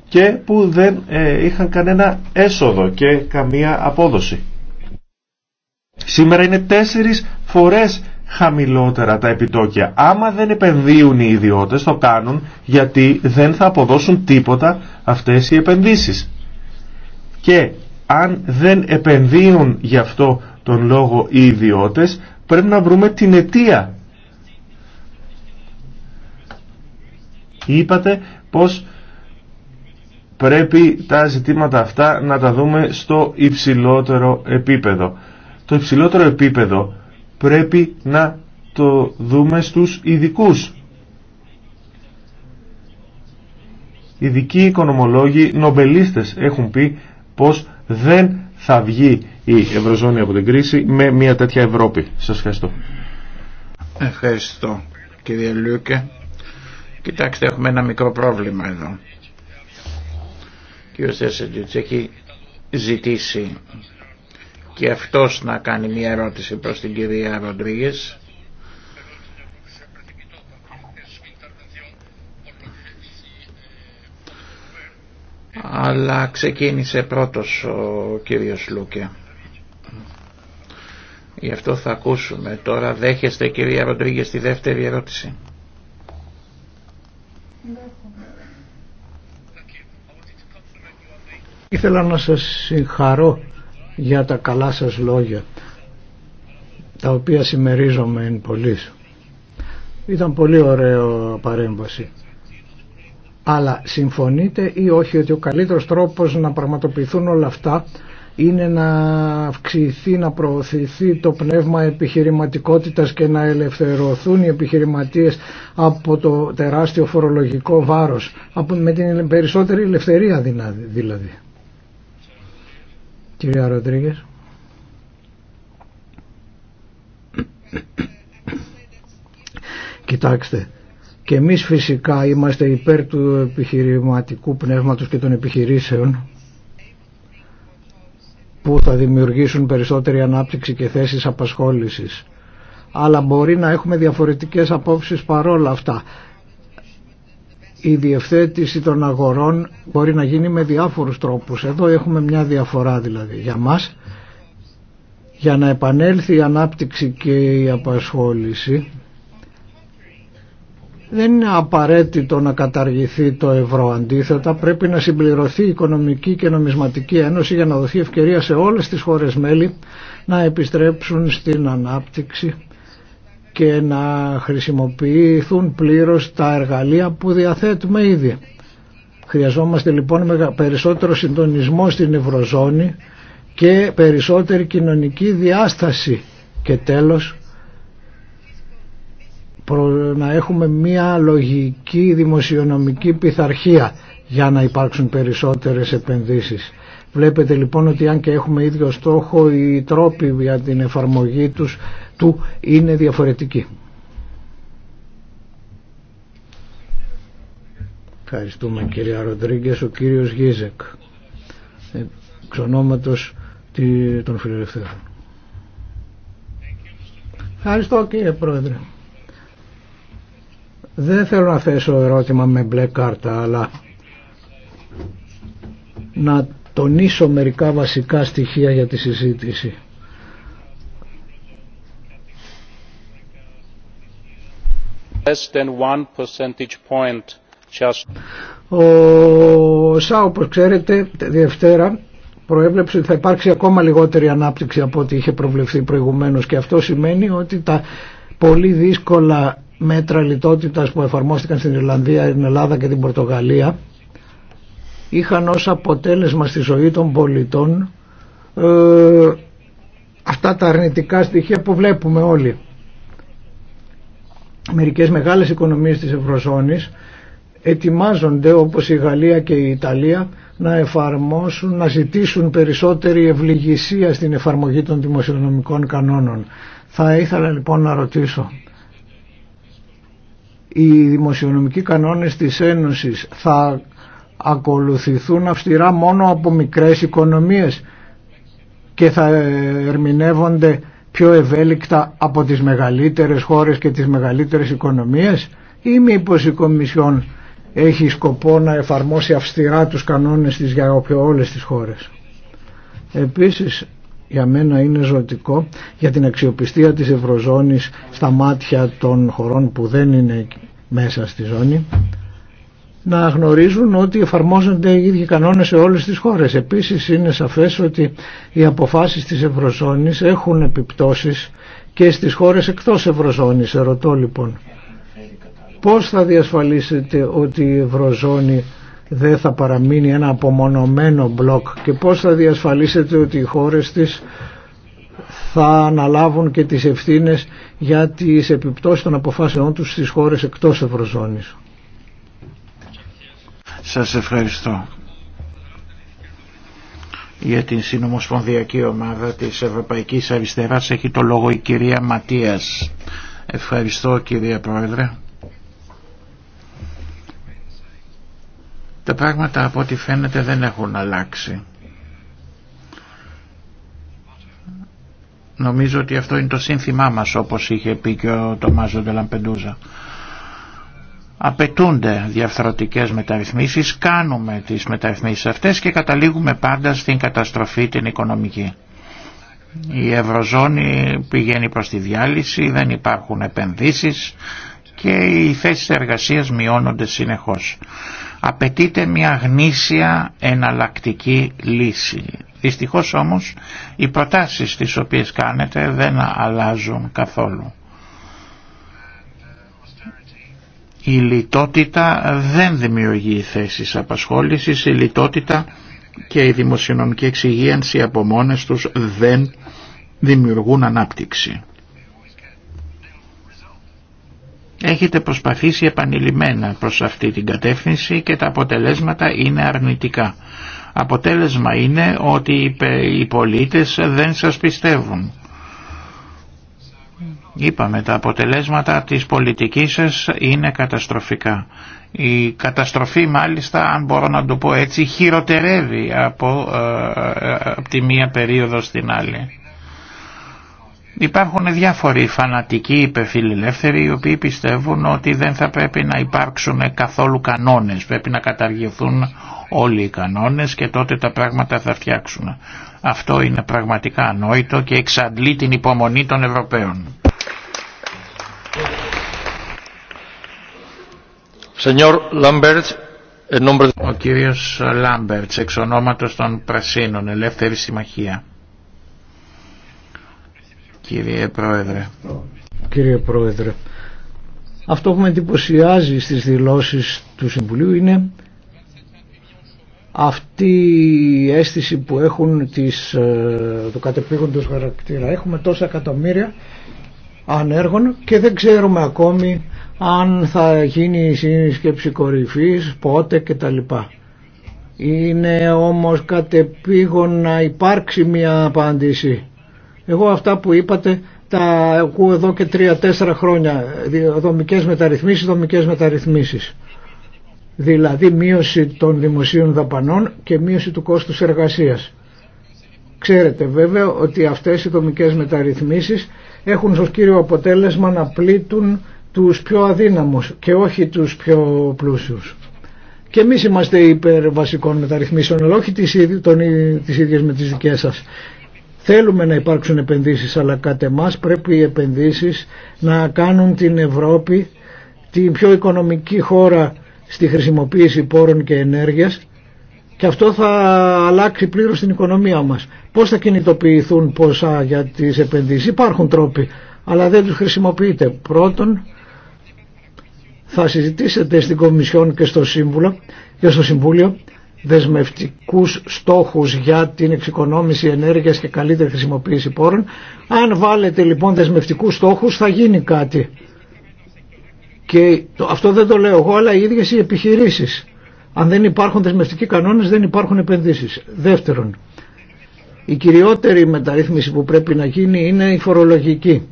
και που δεν ε, είχαν κανένα έσοδο και καμία απόδοση. Σήμερα είναι τέσσερις φορές χαμηλότερα τα επιτόκια. Άμα δεν επενδύουν οι ιδιώτες το κάνουν γιατί δεν θα αποδώσουν τίποτα αυτές οι επενδύσεις. Και αν δεν επενδύουν γι' αυτό τον λόγο οι ιδιώτες πρέπει να βρούμε την αιτία. Είπατε πως πρέπει τα ζητήματα αυτά να τα δούμε στο υψηλότερο επίπεδο. Το υψηλότερο επίπεδο πρέπει να το δούμε στους ειδικού. Ειδικοί οικονομολόγοι, νομπελίστες έχουν πει πως δεν θα βγει η Ευρωζώνη από την κρίση με μια τέτοια Ευρώπη. Σας ευχαριστώ. Ευχαριστώ κύριε Λούκε. Κοιτάξτε έχουμε ένα μικρό πρόβλημα εδώ. Κύριος Δεσεντιούτς έχει ζητήσει και αυτός να κάνει μια ερώτηση προς την κυρία Ροντρίγες. αλλά ξεκίνησε πρώτος ο κύριος Λούκε. Γι' αυτό θα ακούσουμε. Τώρα δέχεστε κυρία Ροντρίγες τη δεύτερη ερώτηση. Ήθελα να σας συγχαρώ για τα καλά σας λόγια τα οποία συμμερίζομαι εν πολλής. Ήταν πολύ ωραίο παρέμβαση. Αλλά συμφωνείτε ή όχι ότι ο καλύτερος τρόπος να πραγματοποιηθούν όλα αυτά είναι να αυξηθεί, να προωθηθεί το πνεύμα επιχειρηματικότητας και να ελευθερωθούν οι επιχειρηματίες από το τεράστιο φορολογικό βάρος, με την περισσότερη ελευθερία δηλαδή. Κυρία Ροντρίγκε. Κοιτάξτε, και εμείς φυσικά είμαστε υπέρ του επιχειρηματικού πνεύματος και των επιχειρήσεων που θα δημιουργήσουν περισσότερη ανάπτυξη και θέσεις απασχόλησης. Αλλά μπορεί να έχουμε διαφορετικές απόψεις παρόλα αυτά η διευθέτηση των αγορών μπορεί να γίνει με διάφορους τρόπους. Εδώ έχουμε μια διαφορά δηλαδή για μας. Για να επανέλθει η ανάπτυξη και η απασχόληση δεν είναι απαραίτητο να καταργηθεί το ευρώ. Αντίθετα πρέπει να συμπληρωθεί η Οικονομική και Νομισματική Ένωση για να δοθεί ευκαιρία σε όλες τις χώρες μέλη να επιστρέψουν στην ανάπτυξη και να χρησιμοποιηθούν πλήρως τα εργαλεία που διαθέτουμε ήδη. Χρειαζόμαστε λοιπόν περισσότερο συντονισμό στην Ευρωζώνη και περισσότερη κοινωνική διάσταση και τέλος να έχουμε μία λογική δημοσιονομική πειθαρχία για να υπάρξουν περισσότερες επενδύσεις. Βλέπετε λοιπόν ότι αν και έχουμε ίδιο στόχο οι τρόποι για την εφαρμογή τους του είναι διαφορετική. Ευχαριστούμε κύριε Ροντρίγκε, ο κύριος Γίζεκ, εξ ονόματος των φιλελευθέρων. Ευχαριστώ κύριε Πρόεδρε. Δεν θέλω να θέσω ερώτημα με μπλε κάρτα, αλλά να τονίσω μερικά βασικά στοιχεία για τη συζήτηση. Ο ΣΑ, όπω ξέρετε, Δευτέρα προέβλεψε ότι θα υπάρξει ακόμα λιγότερη ανάπτυξη από ό,τι είχε προβλεφθεί προηγουμένως και αυτό σημαίνει ότι τα πολύ δύσκολα μέτρα λιτότητα που εφαρμόστηκαν στην Ιρλανδία, την Ελλάδα και την Πορτογαλία είχαν ως αποτέλεσμα στη ζωή των πολιτών ε, αυτά τα αρνητικά στοιχεία που βλέπουμε όλοι μερικές μεγάλες οικονομίες της Ευρωζώνης ετοιμάζονται όπως η Γαλλία και η Ιταλία να εφαρμόσουν, να ζητήσουν περισσότερη ευληγησία στην εφαρμογή των δημοσιονομικών κανόνων. Θα ήθελα λοιπόν να ρωτήσω, οι δημοσιονομικοί κανόνες της Ένωσης θα ακολουθηθούν αυστηρά μόνο από μικρές οικονομίες και θα ερμηνεύονται πιο ευέλικτα από τις μεγαλύτερες χώρες και τις μεγαλύτερες οικονομίες ή μήπως η Κομισιόν έχει σκοπό να εφαρμόσει αυστηρά τους κανόνες της για όλες τις χώρες. Επίσης για μένα είναι ζωτικό για την αξιοπιστία της Ευρωζώνης στα μάτια των χωρών που δεν είναι μέσα στη ζώνη να γνωρίζουν ότι εφαρμόζονται οι ίδιοι κανόνες σε όλες τις χώρες. Επίσης είναι σαφές ότι οι αποφάσεις της Ευρωζώνης έχουν επιπτώσεις και στις χώρες εκτός Ευρωζώνης. Ερωτώ λοιπόν πώς θα διασφαλίσετε ότι η Ευρωζώνη δεν θα παραμείνει ένα απομονωμένο μπλοκ και πώς θα διασφαλίσετε ότι οι χώρες της θα αναλάβουν και τις ευθύνες για τις επιπτώσεις των αποφάσεών τους στις χώρες εκτός Ευρωζώνης. Σας ευχαριστώ για την συνομοσπονδιακή ομάδα της Ευρωπαϊκής Αριστεράς έχει το λόγο η κυρία Ματίας. Ευχαριστώ κυρία Πρόεδρε. Τα πράγματα από ό,τι φαίνεται δεν έχουν αλλάξει. Νομίζω ότι αυτό είναι το σύνθημά μας όπως είχε πει και ο Τομάζο Ντελαμπεντούζα απαιτούνται διαφθρωτικές μεταρρυθμίσεις, κάνουμε τις μεταρρυθμίσεις αυτές και καταλήγουμε πάντα στην καταστροφή την οικονομική. Η Ευρωζώνη πηγαίνει προς τη διάλυση, δεν υπάρχουν επενδύσεις και οι θέσεις εργασίας μειώνονται συνεχώς. Απαιτείται μια γνήσια εναλλακτική λύση. Δυστυχώς όμως οι προτάσεις τις οποίες κάνετε δεν αλλάζουν καθόλου. Η λιτότητα δεν δημιουργεί θέσεις απασχόλησης, η λιτότητα και η δημοσιονομική εξυγίανση από μόνες τους δεν δημιουργούν ανάπτυξη. Έχετε προσπαθήσει επανειλημμένα προς αυτή την κατεύθυνση και τα αποτελέσματα είναι αρνητικά. Αποτέλεσμα είναι ότι οι πολίτες δεν σας πιστεύουν. Είπαμε τα αποτελέσματα της πολιτικής σας είναι καταστροφικά. Η καταστροφή μάλιστα αν μπορώ να το πω έτσι χειροτερεύει από, ε, από τη μία περίοδο στην άλλη. Υπάρχουν διάφοροι φανατικοί υπεφιλελεύθεροι οι οποίοι πιστεύουν ότι δεν θα πρέπει να υπάρξουν καθόλου κανόνες. Πρέπει να καταργηθούν όλοι οι κανόνες και τότε τα πράγματα θα φτιάξουν. Αυτό είναι πραγματικά ανόητο και εξαντλεί την υπομονή των Ευρωπαίων. Ο κύριος Λάμπερτ, εξ ονόματος των Πρασίνων, Ελεύθερη Συμμαχία. Κύριε Πρόεδρε. Κύριε Πρόεδρε, αυτό που με εντυπωσιάζει στις δηλώσεις του Συμβουλίου είναι αυτή η αίσθηση που έχουν τις, ε, το κατεπήγοντος χαρακτήρα. Έχουμε τόσα εκατομμύρια και δεν ξέρουμε ακόμη αν θα γίνει η σύσκεψη κορυφής, πότε κτλ. Είναι όμως κατεπήγον να υπάρξει μια απάντηση. Εγώ αυτά που είπατε τα ακούω εδώ και τρία-τέσσερα χρόνια. Δομικές μεταρρυθμίσεις, δομικές μεταρρυθμίσεις. Δηλαδή μείωση των δημοσίων δαπανών και μείωση του κόστους εργασίας. Ξέρετε βέβαια ότι αυτές οι δομικές μεταρρυθμίσεις έχουν ως κύριο αποτέλεσμα να πλήττουν τους πιο αδύναμους και όχι τους πιο πλούσιους. Και εμείς είμαστε υπέρ βασικών μεταρρυθμίσεων, αλλά όχι τις, τον, τις ίδιες με τις δικές σας. Θέλουμε να υπάρξουν επενδύσεις, αλλά κατ' εμάς πρέπει οι επενδύσεις να κάνουν την Ευρώπη την πιο οικονομική χώρα στη χρησιμοποίηση πόρων και ενέργειας και αυτό θα αλλάξει πλήρως την οικονομία μας. Πώς θα κινητοποιηθούν ποσά για τις επενδύσεις. Υπάρχουν τρόποι, αλλά δεν τους χρησιμοποιείτε. Πρώτον, θα συζητήσετε στην Κομισιόν και στο, Σύμβουλο, και στο Συμβούλιο δεσμευτικούς στόχους για την εξοικονόμηση ενέργειας και καλύτερη χρησιμοποίηση πόρων. Αν βάλετε λοιπόν δεσμευτικούς στόχους θα γίνει κάτι. Και αυτό δεν το λέω εγώ αλλά οι ίδιες οι επιχειρήσεις αν δεν υπάρχουν δεσμευτικοί κανόνες δεν υπάρχουν επενδύσει. Δεύτερον, η κυριότερη μεταρρύθμιση που πρέπει να γίνει είναι η φορολογική.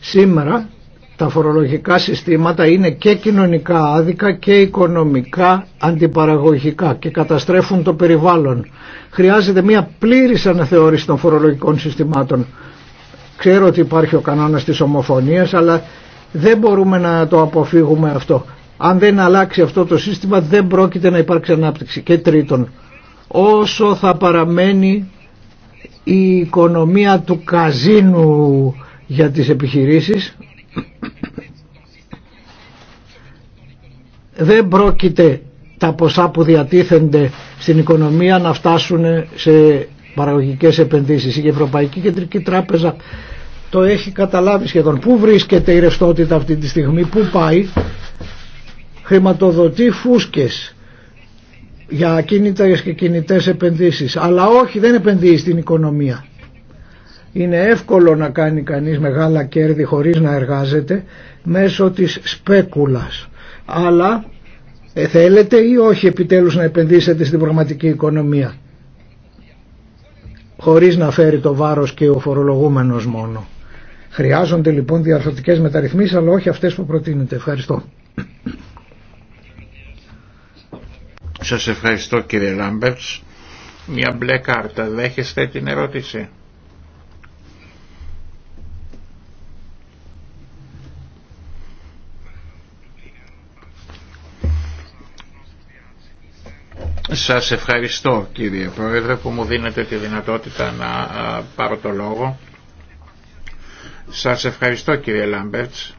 Σήμερα τα φορολογικά συστήματα είναι και κοινωνικά άδικα και οικονομικά αντιπαραγωγικά και καταστρέφουν το περιβάλλον. Χρειάζεται μια πλήρης αναθεώρηση των φορολογικών συστημάτων. Ξέρω ότι υπάρχει ο κανόνας της ομοφωνίας αλλά δεν μπορούμε να το αποφύγουμε αυτό. Αν δεν αλλάξει αυτό το σύστημα δεν πρόκειται να υπάρξει ανάπτυξη. Και τρίτον, όσο θα παραμένει η οικονομία του καζίνου για τις επιχειρήσεις δεν πρόκειται τα ποσά που διατίθενται στην οικονομία να φτάσουν σε παραγωγικές επενδύσεις. Η Ευρωπαϊκή Κεντρική Τράπεζα το έχει καταλάβει σχεδόν. Πού βρίσκεται η ρευστότητα αυτή τη στιγμή, πού πάει χρηματοδοτεί φούσκες για ακίνητα και κινητές επενδύσεις αλλά όχι δεν επενδύει στην οικονομία είναι εύκολο να κάνει κανείς μεγάλα κέρδη χωρίς να εργάζεται μέσω της σπέκουλας αλλά ε, θέλετε ή όχι επιτέλους να επενδύσετε στην πραγματική οικονομία χωρίς να φέρει το βάρος και ο φορολογούμενος μόνο. Χρειάζονται λοιπόν διαρθρωτικές μεταρρυθμίσεις αλλά όχι αυτές που προτείνετε. Ευχαριστώ. Σας ευχαριστώ κύριε Λάμπερτς. Μια μπλε κάρτα. Δέχεστε την ερώτηση. Σας ευχαριστώ κύριε Πρόεδρε που μου δίνετε τη δυνατότητα να πάρω το λόγο. Σας ευχαριστώ κύριε Λάμπερτς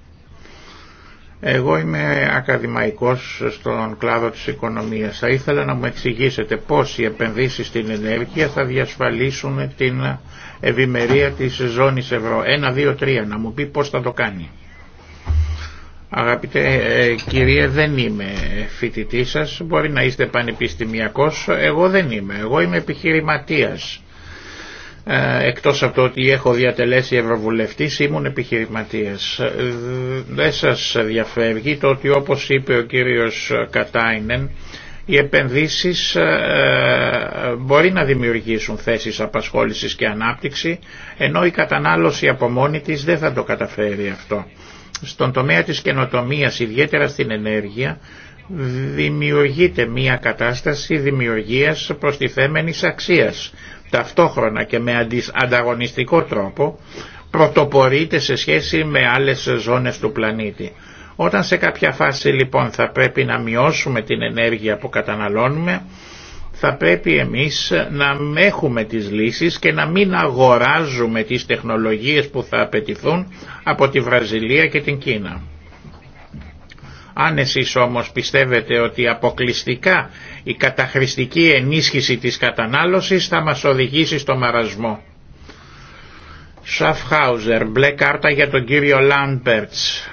εγώ είμαι ακαδημαϊκός στον κλάδο της οικονομίας. Θα ήθελα να μου εξηγήσετε πώς οι επενδύσεις στην ενέργεια θα διασφαλίσουν την ευημερία της ζώνης ευρώ. Ένα, δύο, τρία. Να μου πει πώς θα το κάνει. Αγαπητέ ε, κυρία δεν είμαι φοιτητή σας, μπορεί να είστε πανεπιστημιακός, εγώ δεν είμαι, εγώ είμαι επιχειρηματίας ε, εκτός από το ότι έχω διατελέσει ευρωβουλευτής ήμουν επιχειρηματίας. Ε, δεν σας διαφεύγει το ότι όπως είπε ο κύριος Κατάινεν οι επενδύσεις ε, μπορεί να δημιουργήσουν θέσεις απασχόλησης και ανάπτυξη ενώ η κατανάλωση από μόνη της δεν θα το καταφέρει αυτό. Στον τομέα της καινοτομίας, ιδιαίτερα στην ενέργεια, δημιουργείται μία κατάσταση δημιουργίας προστιθέμενης αξίας ταυτόχρονα και με ανταγωνιστικό τρόπο πρωτοπορείται σε σχέση με άλλες ζώνες του πλανήτη. Όταν σε κάποια φάση λοιπόν θα πρέπει να μειώσουμε την ενέργεια που καταναλώνουμε, θα πρέπει εμείς να έχουμε τις λύσεις και να μην αγοράζουμε τις τεχνολογίες που θα απαιτηθούν από τη Βραζιλία και την Κίνα. Αν εσείς όμως πιστεύετε ότι αποκλειστικά η καταχρηστική ενίσχυση της κατανάλωσης θα μας οδηγήσει στο μαρασμό. Σαφχάουζερ, μπλε κάρτα για τον κύριο Λάμπερτς.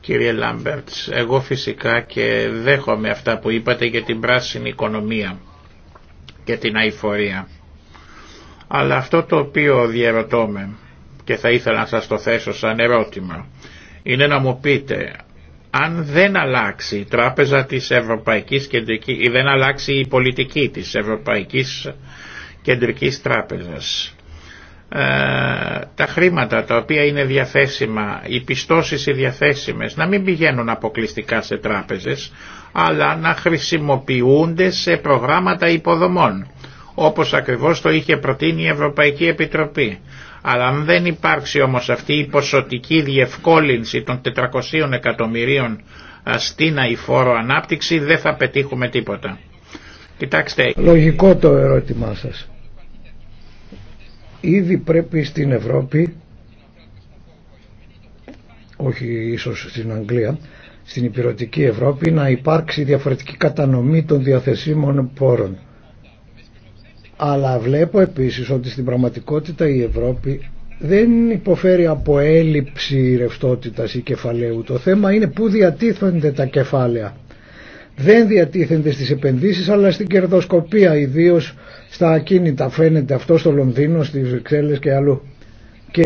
Κύριε Λάμπερτς, εγώ φυσικά και δέχομαι αυτά που είπατε για την πράσινη οικονομία και την αηφορία. Αλλά αυτό το οποίο διαρωτώ και θα ήθελα να σας το θέσω σαν ερώτημα είναι να μου πείτε αν δεν αλλάξει η τράπεζα της Ευρωπαϊκής Κεντρικής ή δεν αλλάξει η πολιτική της Ευρωπαϊκής Κεντρικής Τράπεζας ε, τα χρήματα τα οποία είναι διαθέσιμα, οι πιστώσεις οι διαθέσιμες να μην πηγαίνουν αποκλειστικά σε τράπεζες αλλά να χρησιμοποιούνται σε προγράμματα υποδομών όπως ακριβώς το είχε προτείνει η Ευρωπαϊκή Επιτροπή. Αλλά αν δεν υπάρξει όμως αυτή η ποσοτική διευκόλυνση των 400 εκατομμυρίων στην αηφόρο ανάπτυξη δεν θα πετύχουμε τίποτα. Κοιτάξτε. Λογικό το ερώτημά σας. Ήδη πρέπει στην Ευρώπη, όχι ίσως στην Αγγλία, στην υπηρετική Ευρώπη να υπάρξει διαφορετική κατανομή των διαθεσίμων πόρων αλλά βλέπω επίσης ότι στην πραγματικότητα η Ευρώπη δεν υποφέρει από έλλειψη ρευστότητας ή κεφαλαίου. Το θέμα είναι πού διατίθενται τα κεφάλαια. Δεν διατίθενται στις επενδύσεις αλλά στην κερδοσκοπία, ιδίω στα ακίνητα. Φαίνεται αυτό στο Λονδίνο, στις Βρυξέλλες και αλλού και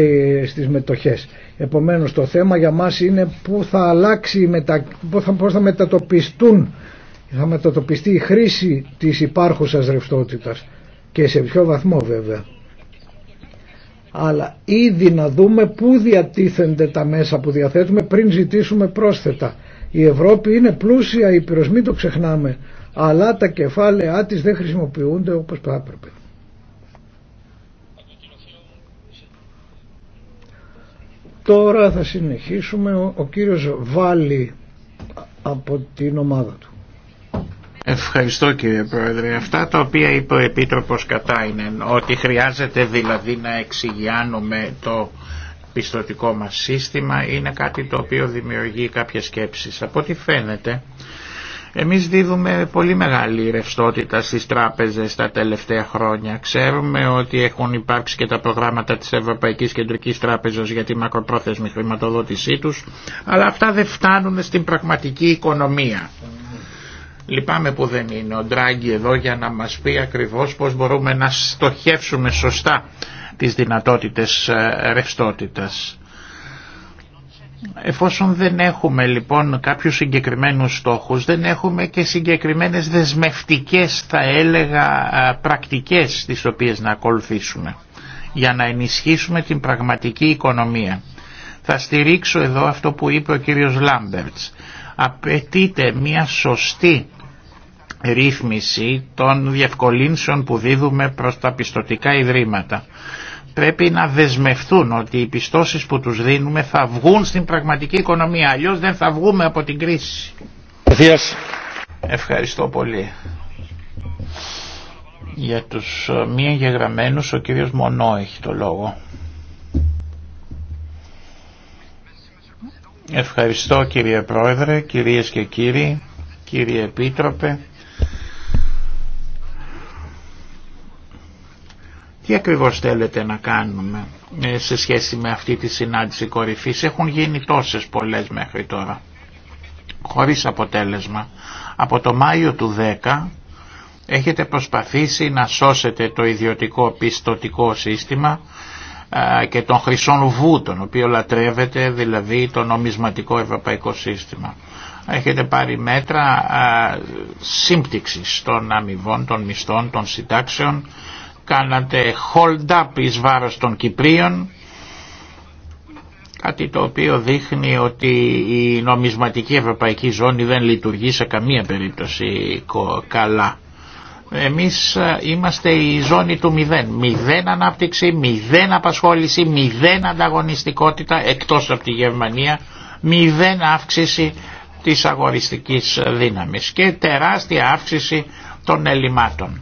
στις μετοχές. Επομένως το θέμα για μας είναι πού θα αλλάξει, πώς θα, πώς θα μετατοπιστούν, θα μετατοπιστεί η χρήση της υπάρχουσας ρευστότητας και σε ποιο βαθμό βέβαια. Αλλά ήδη να δούμε πού διατίθενται τα μέσα που διαθέτουμε πριν ζητήσουμε πρόσθετα. Η Ευρώπη είναι πλούσια η μην το ξεχνάμε, αλλά τα κεφάλαιά της δεν χρησιμοποιούνται όπως θα έπρεπε. Τώρα θα συνεχίσουμε ο, ο κύριος Βάλι από την ομάδα του. Ευχαριστώ κύριε Πρόεδρε. Αυτά τα οποία είπε ο Επίτροπος Κατάινεν, ότι χρειάζεται δηλαδή να εξηγιάνουμε το πιστοτικό μας σύστημα, είναι κάτι το οποίο δημιουργεί κάποιες σκέψεις. Από ό,τι φαίνεται, εμείς δίδουμε πολύ μεγάλη ρευστότητα στις τράπεζες τα τελευταία χρόνια. Ξέρουμε ότι έχουν υπάρξει και τα προγράμματα της Ευρωπαϊκής Κεντρικής Τράπεζας για τη μακροπρόθεσμη χρηματοδότησή τους, αλλά αυτά δεν φτάνουν στην πραγματική οικονομία. Λυπάμαι που δεν είναι ο Ντράγκη εδώ για να μας πει ακριβώς πώς μπορούμε να στοχεύσουμε σωστά τις δυνατότητες ε, ρευστότητας. Εφόσον δεν έχουμε λοιπόν κάποιους συγκεκριμένους στόχους, δεν έχουμε και συγκεκριμένες δεσμευτικές θα έλεγα ε, πρακτικές τις οποίες να ακολουθήσουμε για να ενισχύσουμε την πραγματική οικονομία. Θα στηρίξω εδώ αυτό που είπε ο κύριος Λάμπερτς. Απαιτείται μια σωστή ρύθμιση των διευκολύνσεων που δίδουμε προς τα πιστοτικά ιδρύματα. Πρέπει να δεσμευτούν ότι οι πιστώσεις που τους δίνουμε θα βγουν στην πραγματική οικονομία, αλλιώς δεν θα βγούμε από την κρίση. Ευχαριστώ, Ευχαριστώ πολύ. Για τους ε, μη εγγεγραμμένους ο κύριος Μονό έχει το λόγο. Ευχαριστώ κύριε Πρόεδρε, κυρίες και κύριοι, κύριε Επίτροπε. Τι ακριβώς θέλετε να κάνουμε ε, σε σχέση με αυτή τη συνάντηση κορυφής. Έχουν γίνει τόσες πολλές μέχρι τώρα. Χωρίς αποτέλεσμα. Από το Μάιο του 10 έχετε προσπαθήσει να σώσετε το ιδιωτικό πιστοτικό σύστημα και τον χρυσόν βού, τον οποίο λατρεύεται, δηλαδή το νομισματικό ευρωπαϊκό σύστημα. Έχετε πάρει μέτρα σύμπτυξης των αμοιβών, των μισθών, των συντάξεων, κάνατε hold up εις βάρος των Κυπρίων κάτι το οποίο δείχνει ότι η νομισματική ευρωπαϊκή ζώνη δεν λειτουργεί σε καμία περίπτωση καλά. Εμείς ε, είμαστε η ζώνη του μηδέν. Μηδέν ανάπτυξη, μηδέν απασχόληση, μηδέν ανταγωνιστικότητα εκτός από τη Γερμανία, μηδέν αύξηση της αγοριστικής δύναμης και τεράστια αύξηση των ελλημάτων.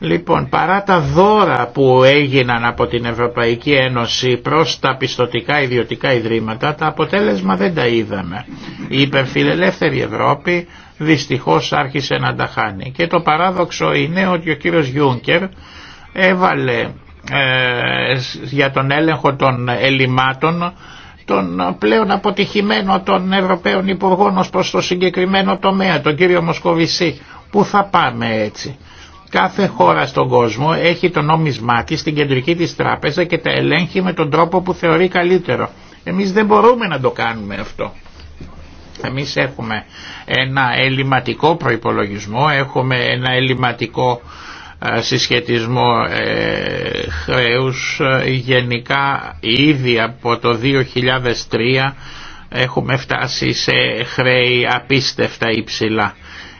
Λοιπόν, παρά τα δώρα που έγιναν από την Ευρωπαϊκή Ένωση προς τα πιστοτικά ιδιωτικά ιδρύματα, τα αποτέλεσμα δεν τα είδαμε. Η υπερφιλελεύθερη Ευρώπη δυστυχώς άρχισε να τα χάνει. Και το παράδοξο είναι ότι ο κύριος Γιούνκερ έβαλε ε, για τον έλεγχο των ελλημάτων τον πλέον αποτυχημένο των Ευρωπαίων Υπουργών ως προς το συγκεκριμένο τομέα, τον κύριο Μοσκοβισή. Πού θα πάμε έτσι. Κάθε χώρα στον κόσμο έχει το νόμισμά της στην κεντρική της τράπεζα και τα ελέγχει με τον τρόπο που θεωρεί καλύτερο. Εμείς δεν μπορούμε να το κάνουμε αυτό. Εμείς έχουμε ένα ελληματικό προϋπολογισμό, έχουμε ένα ελληματικό ε, συσχετισμό ε, χρέους ε, γενικά ήδη από το 2003 έχουμε φτάσει σε χρέη απίστευτα υψηλά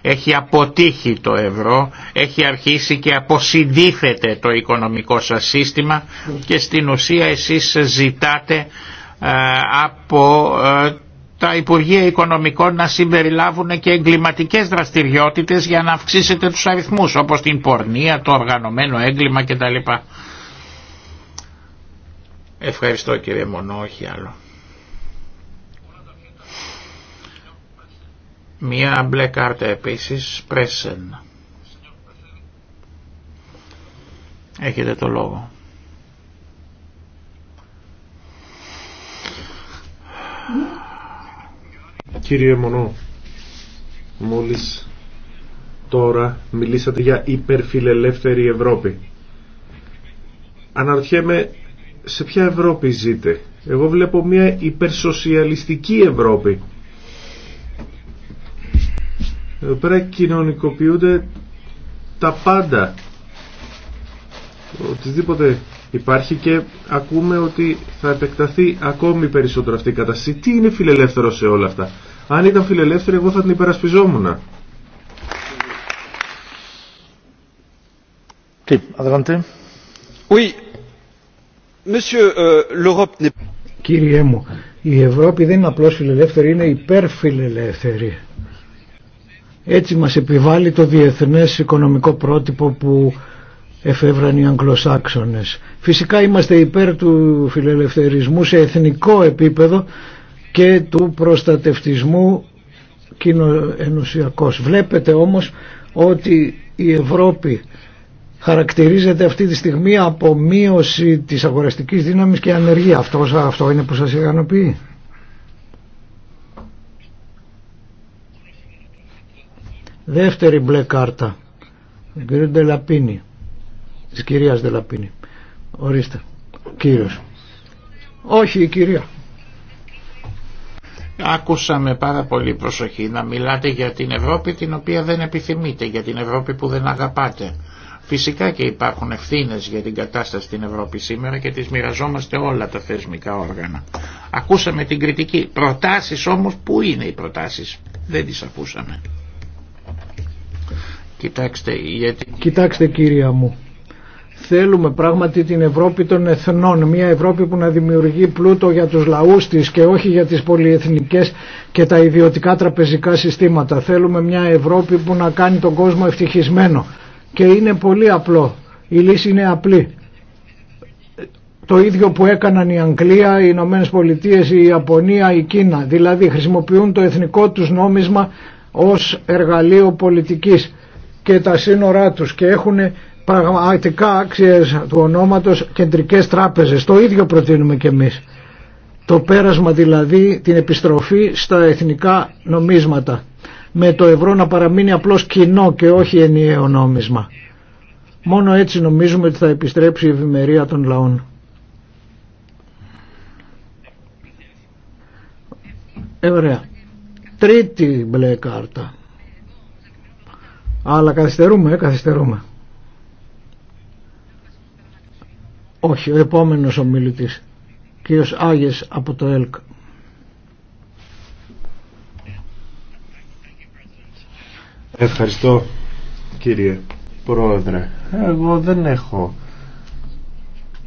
έχει αποτύχει το ευρώ, έχει αρχίσει και αποσυντίθεται το οικονομικό σας σύστημα και στην ουσία εσείς ζητάτε ε, από ε, τα Υπουργεία Οικονομικών να συμπεριλάβουν και εγκληματικές δραστηριότητες για να αυξήσετε τους αριθμούς όπως την πορνεία, το οργανωμένο έγκλημα κτλ. Ευχαριστώ κύριε Μονό, όχι άλλο. Μία μπλε κάρτα επίσης, πρέσεν. Έχετε το λόγο. Κύριε Μονό, μόλις τώρα μιλήσατε για υπερφιλελεύθερη Ευρώπη. Αναρωτιέμαι σε ποια Ευρώπη ζείτε. Εγώ βλέπω μια υπερσοσιαλιστική Ευρώπη εδώ πέρα κοινωνικοποιούνται τα πάντα. Οτιδήποτε υπάρχει και ακούμε ότι θα επεκταθεί ακόμη περισσότερο αυτή η κατάσταση. Τι είναι φιλελεύθερο σε όλα αυτά. Αν ήταν φιλελεύθερη εγώ θα την υπερασπιζόμουν. Euh, Κύριε μου, η Ευρώπη δεν είναι απλώς φιλελεύθερη, είναι υπερφιλελεύθερη. Έτσι μας επιβάλλει το διεθνές οικονομικό πρότυπο που εφεύραν οι Αγγλοσάξονες. Φυσικά είμαστε υπέρ του φιλελευθερισμού σε εθνικό επίπεδο και του προστατευτισμού κοινοενουσιακός. Βλέπετε όμως ότι η Ευρώπη χαρακτηρίζεται αυτή τη στιγμή από μείωση της αγοραστικής δύναμης και ανεργία. Αυτό, αυτό είναι που σας ικανοποιεί. Δεύτερη μπλε κάρτα. Κύριε Ντελαπίνη. Της κυρίας Ορίστε. Κύριος. Όχι η κυρία. Ακούσαμε πάρα πολύ προσοχή να μιλάτε για την Ευρώπη την οποία δεν επιθυμείτε, για την Ευρώπη που δεν αγαπάτε. Φυσικά και υπάρχουν ευθύνε για την κατάσταση στην Ευρώπη σήμερα και τις μοιραζόμαστε όλα τα θεσμικά όργανα. Ακούσαμε την κριτική. Προτάσεις όμως, πού είναι οι προτάσεις. Δεν τις ακούσαμε. Κοιτάξτε, γιατί... Κοιτάξτε κύρια μου. Θέλουμε πράγματι την Ευρώπη των εθνών, μια Ευρώπη που να δημιουργεί πλούτο για τους λαούς της και όχι για τις πολυεθνικές και τα ιδιωτικά τραπεζικά συστήματα. Θέλουμε μια Ευρώπη που να κάνει τον κόσμο ευτυχισμένο και είναι πολύ απλό. Η λύση είναι απλή. Το ίδιο που έκαναν η Αγγλία, οι Ηνωμένε Πολιτείε, η Ιαπωνία, η Κίνα. Δηλαδή χρησιμοποιούν το εθνικό τους νόμισμα ως εργαλείο πολιτικής και τα σύνορά τους και έχουν πραγματικά άξιες του ονόματος κεντρικές τράπεζες. Το ίδιο προτείνουμε και εμείς. Το πέρασμα δηλαδή την επιστροφή στα εθνικά νομίσματα με το ευρώ να παραμείνει απλώς κοινό και όχι ενιαίο νόμισμα. Μόνο έτσι νομίζουμε ότι θα επιστρέψει η ευημερία των λαών. Ε, Τρίτη μπλε κάρτα. Αλλά καθυστερούμε, ε, καθυστερούμε. Όχι, ο επόμενος ομιλητής, κύριος Άγιες από το ΕΛΚ. Ευχαριστώ κύριε Πρόεδρε. Εγώ δεν έχω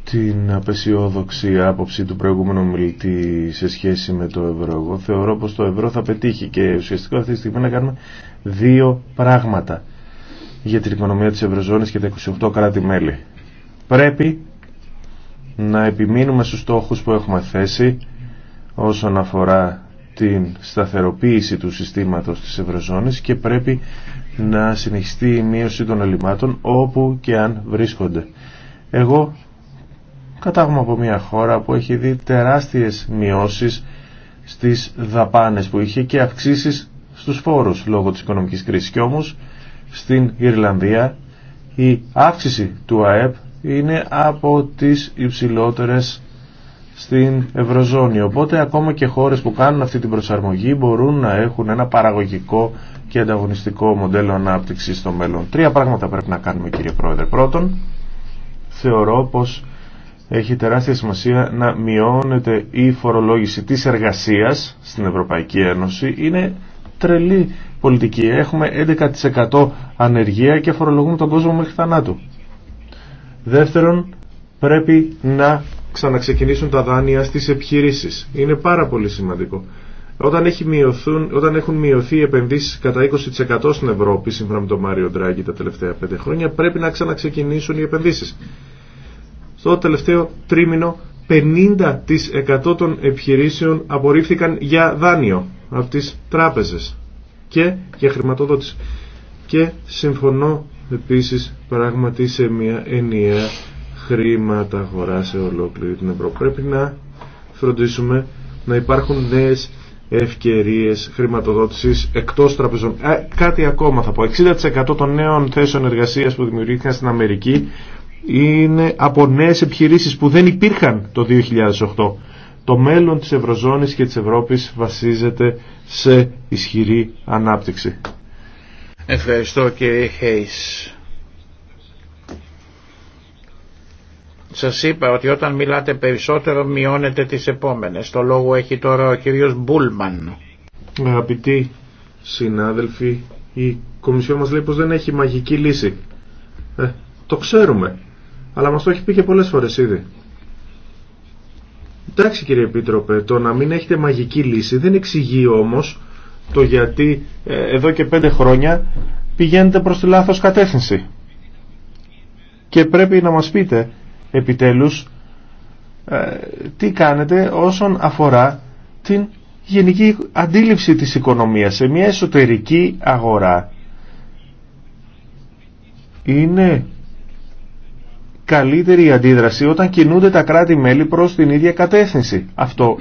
την απεσιόδοξη άποψη του προηγούμενου μιλητή σε σχέση με το ευρώ. Εγώ θεωρώ πως το ευρώ θα πετύχει και ουσιαστικά αυτή τη στιγμή να κάνουμε δύο πράγματα για την οικονομία της Ευρωζώνης και τα 28 κράτη-μέλη. Πρέπει να επιμείνουμε στους στόχους που έχουμε θέσει όσον αφορά την σταθεροποίηση του συστήματος της Ευρωζώνης και πρέπει να συνεχιστεί η μείωση των ελλημάτων όπου και αν βρίσκονται. Εγώ κατάγομαι από μια χώρα που έχει δει τεράστιες μειώσεις στις δαπάνες που είχε και αυξήσεις στους φόρους λόγω της οικονομικής κρίσης. Και όμως στην Ιρλανδία η αύξηση του ΑΕΠ είναι από τις υψηλότερες στην Ευρωζώνη. Οπότε ακόμα και χώρες που κάνουν αυτή την προσαρμογή μπορούν να έχουν ένα παραγωγικό και ανταγωνιστικό μοντέλο ανάπτυξης στο μέλλον. Τρία πράγματα πρέπει να κάνουμε κύριε Πρόεδρε. Πρώτον, θεωρώ πως έχει τεράστια σημασία να μειώνεται η φορολόγηση της εργασίας στην Ευρωπαϊκή Ένωση. Είναι τρελή πολιτική. Έχουμε 11% ανεργία και φορολογούν τον κόσμο μέχρι θανάτου. Δεύτερον, πρέπει να ξαναξεκινήσουν τα δάνεια στις επιχειρήσεις. Είναι πάρα πολύ σημαντικό. Όταν, έχει μειωθούν, όταν έχουν μειωθεί οι επενδύσεις κατά 20% στην Ευρώπη, σύμφωνα με τον Μάριο Ντράγκη τα τελευταία 5 χρόνια, πρέπει να ξαναξεκινήσουν οι επενδύσεις. Στο τελευταίο τρίμηνο 50% των επιχειρήσεων απορρίφθηκαν για δάνειο από τις τράπεζες και για χρηματοδότηση. Και συμφωνώ επίσης πράγματι σε μια ενιαία χρήματα αγορά σε ολόκληρη την Ευρώπη. Πρέπει να φροντίσουμε να υπάρχουν νέες ευκαιρίες χρηματοδότησης εκτός τραπεζών. κάτι ακόμα θα πω. 60% των νέων θέσεων εργασίας που δημιουργήθηκαν στην Αμερική είναι από νέες επιχειρήσεις που δεν υπήρχαν το 2008. Το μέλλον της Ευρωζώνης και της Ευρώπης βασίζεται σε ισχυρή ανάπτυξη. Ευχαριστώ κύριε Χέις. Σας είπα ότι όταν μιλάτε περισσότερο μειώνετε τις επόμενες. Το λόγο έχει τώρα ο κύριος Μπούλμαν. Αγαπητοί συνάδελφοι, η Κομισιόν μας λέει πως δεν έχει μαγική λύση. Ε, το ξέρουμε. Αλλά μας το έχει πει και πολλές φορές ήδη. Εντάξει κύριε Επίτροπε, το να μην έχετε μαγική λύση δεν εξηγεί όμως το γιατί ε, εδώ και πέντε χρόνια πηγαίνετε προς τη λάθος κατεύθυνση. Και πρέπει να μας πείτε επιτέλους ε, τι κάνετε όσον αφορά την γενική αντίληψη της οικονομίας σε μια εσωτερική αγορά. Είναι καλύτερη αντίδραση όταν κινούνται τα κράτη-μέλη προς την ίδια κατεύθυνση. Αυτό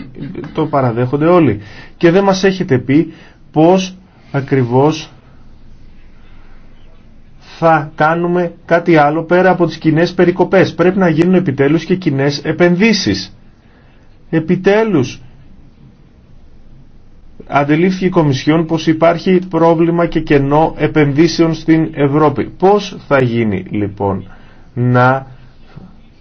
το παραδέχονται όλοι. Και δεν μας έχετε πει πώς ακριβώς θα κάνουμε κάτι άλλο πέρα από τις κοινέ περικοπές. Πρέπει να γίνουν επιτέλους και κοινέ επενδύσεις. Επιτέλους, αντελήφθηκε η Κομισιόν πως υπάρχει πρόβλημα και κενό επενδύσεων στην Ευρώπη. Πώς θα γίνει λοιπόν να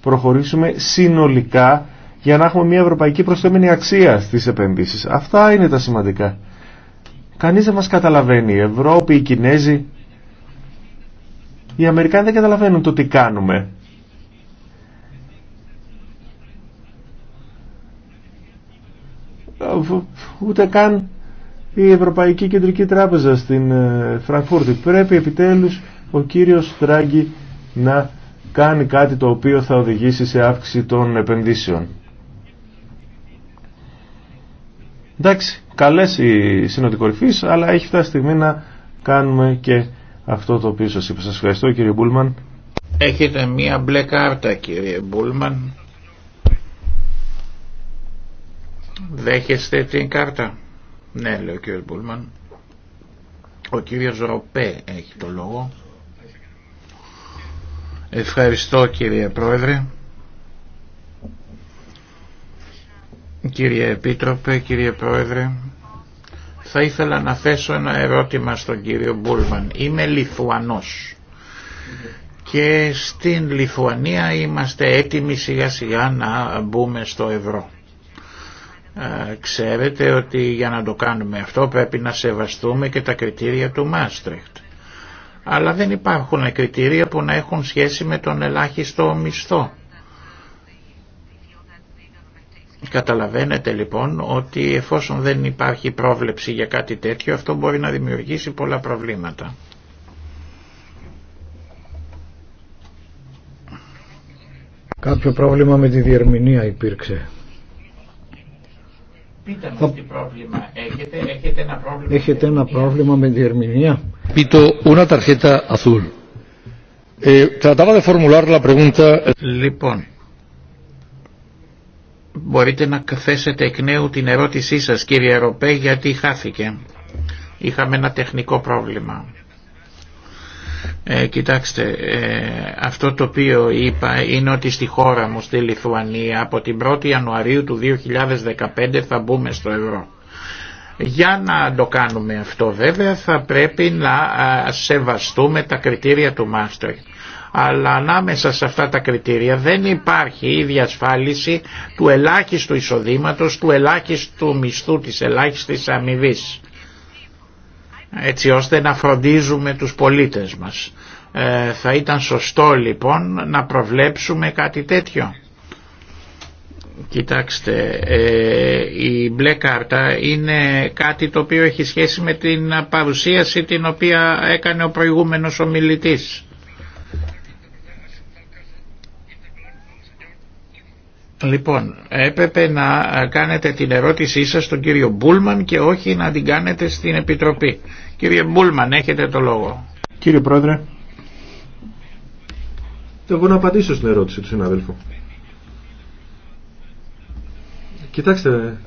προχωρήσουμε συνολικά για να έχουμε μια ευρωπαϊκή προσθέμενη αξία στις επενδύσεις. Αυτά είναι τα σημαντικά. Κανείς δεν μας καταλαβαίνει. Η Ευρώπη, οι Κινέζοι, οι Αμερικάνοι δεν καταλαβαίνουν το τι κάνουμε. Ούτε καν η Ευρωπαϊκή Κεντρική Τράπεζα στην ε, Φραγκφούρτη. Πρέπει επιτέλους ο κύριος Τράγκη να κάνει κάτι το οποίο θα οδηγήσει σε αύξηση των επενδύσεων. Εντάξει, καλές οι συνοδικορυφείς, αλλά έχει φτάσει στιγμή να κάνουμε και αυτό το οποίο σας είπα. Σας ευχαριστώ κύριε Μπούλμαν. Έχετε μία μπλε κάρτα κύριε Μπούλμαν. Δέχεστε την κάρτα. Ναι λέει ο κύριος Μπούλμαν. Ο κύριος Ροπέ έχει το λόγο. Ευχαριστώ κύριε Πρόεδρε. Κύριε Επίτροπε, κύριε Πρόεδρε, θα ήθελα να θέσω ένα ερώτημα στον κύριο Μπούλμαν. Είμαι Λιθουανός και στην Λιθουανία είμαστε έτοιμοι σιγά σιγά να μπούμε στο ευρώ. Ε, ξέρετε ότι για να το κάνουμε αυτό πρέπει να σεβαστούμε και τα κριτήρια του Μάστρεχτ αλλά δεν υπάρχουν κριτήρια που να έχουν σχέση με τον ελάχιστο μισθό. Καταλαβαίνετε λοιπόν ότι εφόσον δεν υπάρχει πρόβλεψη για κάτι τέτοιο αυτό μπορεί να δημιουργήσει πολλά προβλήματα. Κάποιο πρόβλημα με τη διερμηνία υπήρξε. Πείτε μας τι πρόβλημα έχετε. Έχετε ένα πρόβλημα, έχετε ένα πρόβλημα με τη ερμηνεία. Πείτε una tarjeta azul. Ε, trataba de formular la pregunta... Λοιπόν, μπορείτε να θέσετε εκ νέου την ερώτησή σας κύριε Ροπέ, γιατί χάθηκε. Είχαμε ένα τεχνικό πρόβλημα. Ε, κοιτάξτε, ε, αυτό το οποίο είπα είναι ότι στη χώρα μου, στη Λιθουανία, από την 1η Ιανουαρίου του 2015 θα μπούμε στο ευρώ. Για να το κάνουμε αυτό βέβαια θα πρέπει να σεβαστούμε τα κριτήρια του Μάστερ. Αλλά ανάμεσα σε αυτά τα κριτήρια δεν υπάρχει η διασφάλιση του ελάχιστου εισοδήματος, του ελάχιστου μισθού, της ελάχιστης αμοιβής έτσι ώστε να φροντίζουμε τους πολίτες μας. Ε, θα ήταν σωστό λοιπόν να προβλέψουμε κάτι τέτοιο. Κοιτάξτε, ε, η μπλε κάρτα είναι κάτι το οποίο έχει σχέση με την παρουσίαση την οποία έκανε ο προηγούμενος ομιλητής. Λοιπόν, έπρεπε να κάνετε την ερώτησή σας στον κύριο Μπούλμαν και όχι να την κάνετε στην Επιτροπή. Κύριε Μπούλμαν, έχετε το λόγο. Κύριε Πρόεδρε, εγώ να απαντήσω στην ερώτηση του συναδέλφου. Κοιτάξτε,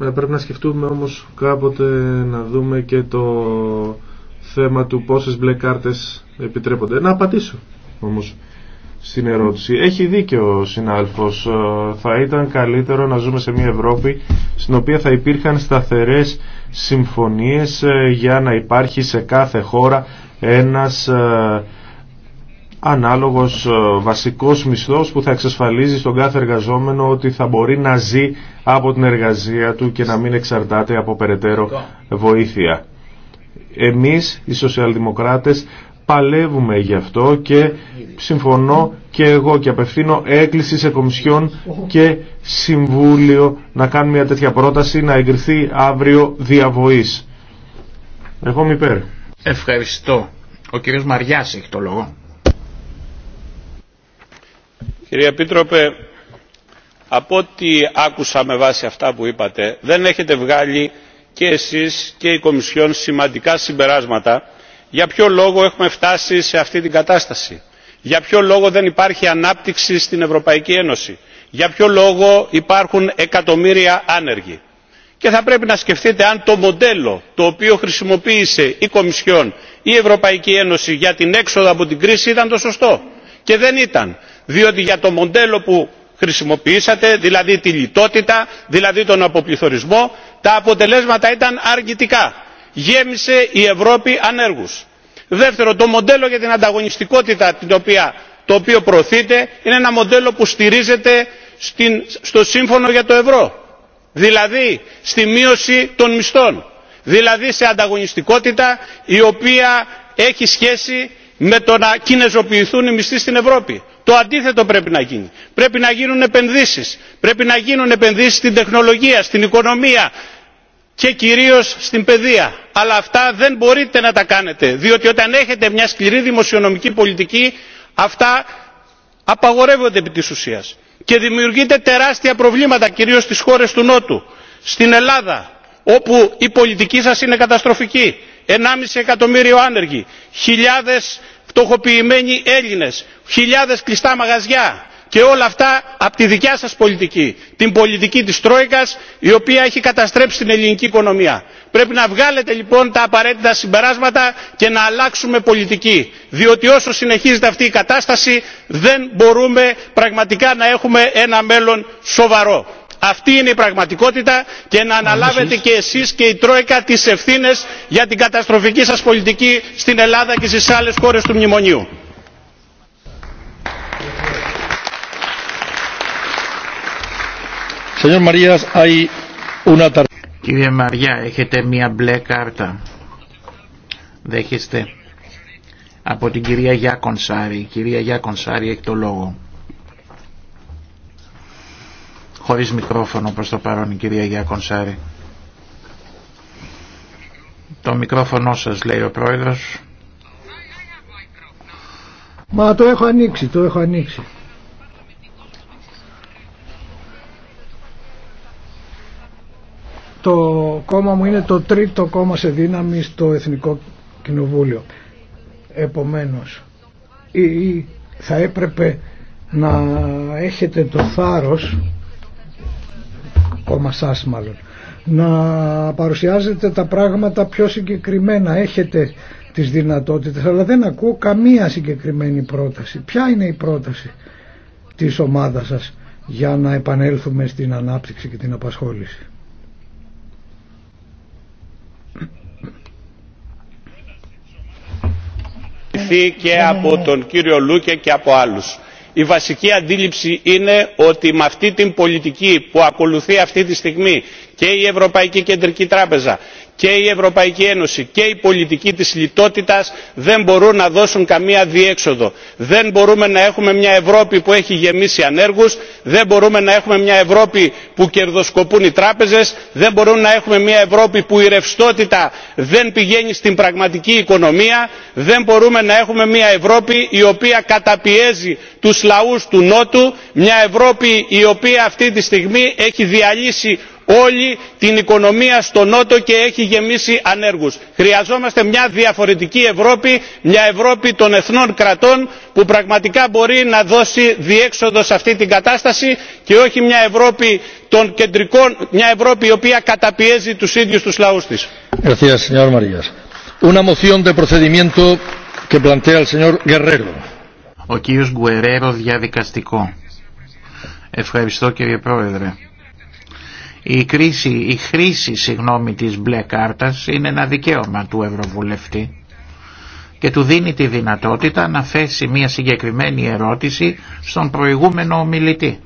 ε, πρέπει να σκεφτούμε όμως κάποτε να δούμε και το θέμα του πόσες μπλε κάρτες επιτρέπονται. Να απαντήσω όμως στην ερώτηση. Έχει δίκιο ο συνάλφος. Ε, θα ήταν καλύτερο να ζούμε σε μια Ευρώπη στην οποία θα υπήρχαν σταθερές συμφωνίες ε, για να υπάρχει σε κάθε χώρα ένας ε, ανάλογος βασικός μισθός που θα εξασφαλίζει στον κάθε εργαζόμενο ότι θα μπορεί να ζει από την εργασία του και να μην εξαρτάται από περαιτέρω βοήθεια. Εμείς οι σοσιαλδημοκράτες Παλεύουμε γι' αυτό και συμφωνώ και εγώ και απευθύνω έκκληση σε Κομισιόν και Συμβούλιο να κάνουν μια τέτοια πρόταση να εγκριθεί αύριο διαβοής. Εγώ μη υπέρ. Ευχαριστώ. Ο κύριος Μαριάς έχει το λόγο. Κύριε Επίτροπε, από ό,τι άκουσα με βάση αυτά που είπατε, δεν έχετε βγάλει και εσείς και η Κομισιόν σημαντικά συμπεράσματα για ποιο λόγο έχουμε φτάσει σε αυτή την κατάσταση για ποιο λόγο δεν υπάρχει ανάπτυξη στην ευρωπαϊκή ένωση για ποιο λόγο υπάρχουν εκατομμύρια άνεργοι και θα πρέπει να σκεφτείτε αν το μοντέλο το οποίο χρησιμοποίησε η κομισιόν η ευρωπαϊκή ένωση για την έξοδο από την κρίση ήταν το σωστό και δεν ήταν διότι για το μοντέλο που χρησιμοποιήσατε δηλαδή τη λιτότητα δηλαδή τον αποπληθωρισμό τα αποτελέσματα ήταν αρνητικά γέμισε η Ευρώπη ανέργους. Δεύτερο, το μοντέλο για την ανταγωνιστικότητα την οποία, το οποίο προωθείται είναι ένα μοντέλο που στηρίζεται στην, στο σύμφωνο για το ευρώ. Δηλαδή στη μείωση των μισθών. Δηλαδή σε ανταγωνιστικότητα η οποία έχει σχέση με το να κινεζοποιηθούν οι μισθοί στην Ευρώπη. Το αντίθετο πρέπει να γίνει. Πρέπει να γίνουν επενδύσεις. Πρέπει να γίνουν επενδύσεις στην τεχνολογία, στην οικονομία, και κυρίως στην παιδεία. Αλλά αυτά δεν μπορείτε να τα κάνετε, διότι όταν έχετε μια σκληρή δημοσιονομική πολιτική, αυτά απαγορεύονται επί της ουσίας. Και δημιουργείται τεράστια προβλήματα, κυρίως στις χώρες του Νότου. Στην Ελλάδα, όπου η πολιτική σας είναι καταστροφική, 1,5 εκατομμύριο άνεργοι, χιλιάδες φτωχοποιημένοι Έλληνες, χιλιάδες κλειστά μαγαζιά, και όλα αυτά από τη δικιά σας πολιτική την πολιτική της τρόικας η οποία έχει καταστρέψει την ελληνική οικονομία. πρέπει να βγάλετε λοιπόν τα απαραίτητα συμπεράσματα και να αλλάξουμε πολιτική διότι όσο συνεχίζεται αυτή η κατάσταση δεν μπορούμε πραγματικά να έχουμε ένα μέλλον σοβαρό. Αυτή είναι η πραγματικότητα και να αναλάβετε και εσείς και η Τρόικα τις ευθύνες για την καταστροφική σας πολιτική στην Ελλάδα και στις άλλες χώρες του Μνημονίου. Κύριε Μαριά, έχετε μία μπλε κάρτα. Δέχεστε από την κυρία Γιάκονσάρη. Η κυρία Γιάκονσάρη έχει το λόγο. Χωρίς μικρόφωνο προς το παρόν η κυρία Γιάκονσάρη. Το μικρόφωνο σας λέει ο πρόεδρος. Μα το έχω ανοίξει, το έχω ανοίξει. Το κόμμα μου είναι το τρίτο κόμμα σε δύναμη στο Εθνικό Κοινοβούλιο. Επομένως, ή θα έπρεπε να έχετε το θάρρος, κόμμα σας μάλλον, να παρουσιάζετε τα πράγματα πιο συγκεκριμένα. Έχετε τις δυνατότητες, αλλά δεν ακούω καμία συγκεκριμένη πρόταση. Ποια είναι η πρόταση της ομάδας σας για να επανέλθουμε στην ανάπτυξη και την απασχόληση. και από τον κύριο Λούκε και από άλλους. Η βασική αντίληψη είναι ότι με αυτή την πολιτική που ακολουθεί αυτή τη στιγμή και η Ευρωπαϊκή Κεντρική Τράπεζα και η ευρωπαϊκή ένωση και η πολιτική της λιτότητας δεν μπορούν να δώσουν καμία διέξοδο. δεν μπορούμε να έχουμε μια ευρώπη που έχει γεμίσει ανέργους δεν μπορούμε να έχουμε μια ευρώπη που κερδοσκοπούν οι τράπεζες δεν μπορούμε να έχουμε μια ευρώπη που η ρευστότητα δεν πηγαίνει στην πραγματική οικονομία δεν μπορούμε να έχουμε μια ευρώπη η οποία καταπιέζει τους λαούς του νότου μια ευρώπη η οποία αυτή τη στιγμή έχει διαλύσει όλη την οικονομία στο νότο και έχει γεμίσει ανέργους. Χρειαζόμαστε μια διαφορετική Ευρώπη, μια Ευρώπη των εθνών κρατών που πραγματικά μπορεί να δώσει διέξοδο σε αυτή την κατάσταση και όχι μια Ευρώπη των κεντρικών, μια Ευρώπη η οποία καταπιέζει τους ίδιους τους λαούς της. Ο κύριος Γκουερέρο διαδικαστικό. Ευχαριστώ κύριε Πρόεδρε. Η, κρίση, η χρήση συγγνώμη, της μπλε κάρτας είναι ένα δικαίωμα του Ευρωβουλευτή και του δίνει τη δυνατότητα να θέσει μια συγκεκριμένη ερώτηση στον προηγούμενο ομιλητή.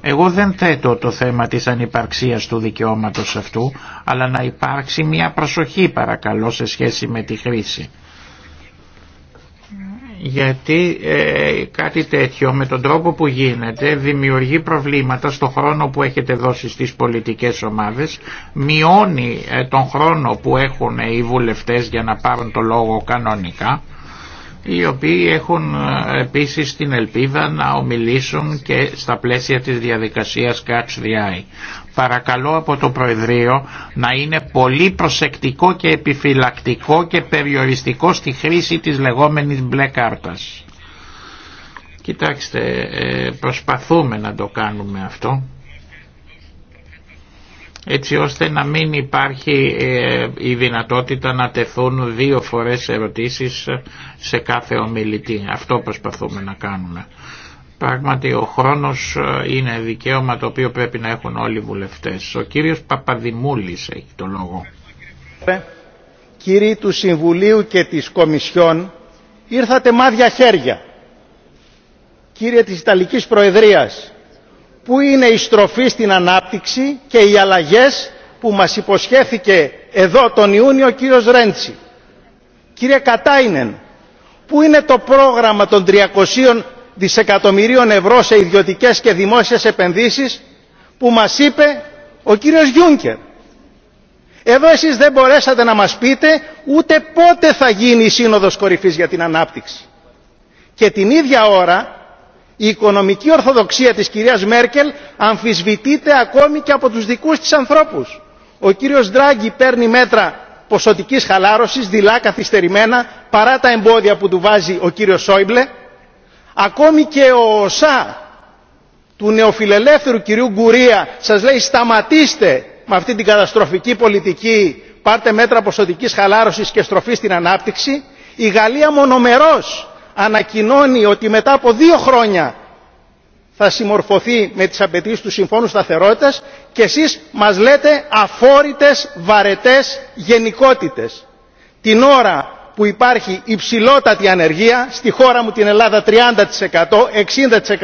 Εγώ δεν θέτω το θέμα της ανυπαρξίας του δικαιώματος αυτού, αλλά να υπάρξει μια προσοχή παρακαλώ σε σχέση με τη χρήση γιατί ε, κάτι τέτοιο με τον τρόπο που γίνεται δημιουργεί προβλήματα στο χρόνο που έχετε δώσει στις πολιτικές ομάδες, μειώνει ε, τον χρόνο που έχουν ε, οι βουλευτές για να πάρουν το λόγο κανονικά, οι οποίοι έχουν επίσης την ελπίδα να ομιλήσουν και στα πλαίσια της διαδικασίας Catch the Eye παρακαλώ από το Προεδρείο να είναι πολύ προσεκτικό και επιφυλακτικό και περιοριστικό στη χρήση της λεγόμενης μπλε κάρτας. Κοιτάξτε, ε, προσπαθούμε να το κάνουμε αυτό έτσι ώστε να μην υπάρχει ε, η δυνατότητα να τεθούν δύο φορές ερωτήσεις σε κάθε ομιλητή. Αυτό προσπαθούμε να κάνουμε. Πράγματι ο χρόνος ε, είναι δικαίωμα το οποίο πρέπει να έχουν όλοι οι βουλευτές. Ο κύριος Παπαδημούλης έχει το λόγο. Ε, κύριοι του Συμβουλίου και της Κομισιόν, ήρθατε μάδια χέρια. Κύριε της Ιταλικής Προεδρίας, πού είναι η στροφή στην ανάπτυξη και οι αλλαγές που μας υποσχέθηκε εδώ τον Ιούνιο ο κύριος Ρέντσι. Κύριε Κατάινεν, πού είναι το πρόγραμμα των 300 δισεκατομμυρίων ευρώ σε ιδιωτικές και δημόσιες επενδύσεις που μας είπε ο κύριος Γιούνκερ. Εδώ εσείς δεν μπορέσατε να μας πείτε ούτε πότε θα γίνει η Σύνοδος Κορυφής για την Ανάπτυξη. Και την ίδια ώρα η οικονομική ορθοδοξία της κυρίας Μέρκελ αμφισβητείται ακόμη και από τους δικούς της ανθρώπους. Ο κύριος Ντράγκη παίρνει μέτρα ποσοτικής χαλάρωσης, δειλά καθυστερημένα, παρά τα εμπόδια που του βάζει ο κύριος Σόιμπλε Ακόμη και ο ΩΣΑ του νεοφιλελεύθερου κυρίου Γκουρία σας λέει σταματήστε με αυτή την καταστροφική πολιτική, πάρτε μέτρα ποσοτικής χαλάρωσης και στροφή στην ανάπτυξη. Η Γαλλία μονομερός ανακοινώνει ότι μετά από δύο χρόνια θα συμμορφωθεί με τις απαιτήσει του Συμφώνου Σταθερότητας και εσείς μας λέτε αφόρητες, βαρετές γενικότητες. Την ώρα που υπάρχει υψηλότατη ανεργία, στη χώρα μου την Ελλάδα 30%,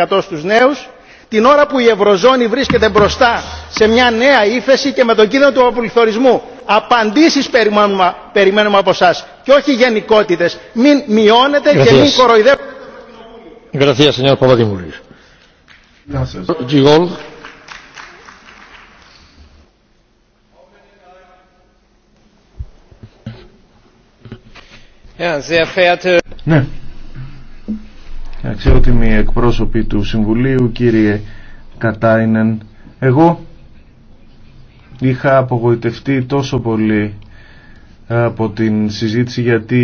60% στους νέους, την ώρα που η Ευρωζώνη βρίσκεται μπροστά σε μια νέα ύφεση και με τον κίνδυνο του απολυθωρισμού Απαντήσεις περιμένουμε, περιμένουμε από εσά και όχι γενικότητες. Μην μειώνετε και μην κοροϊδεύετε Ναι. Αξιότιμοι εκπρόσωποι του Συμβουλίου, κύριε Κατάινεν, εγώ είχα απογοητευτεί τόσο πολύ από την συζήτηση γιατί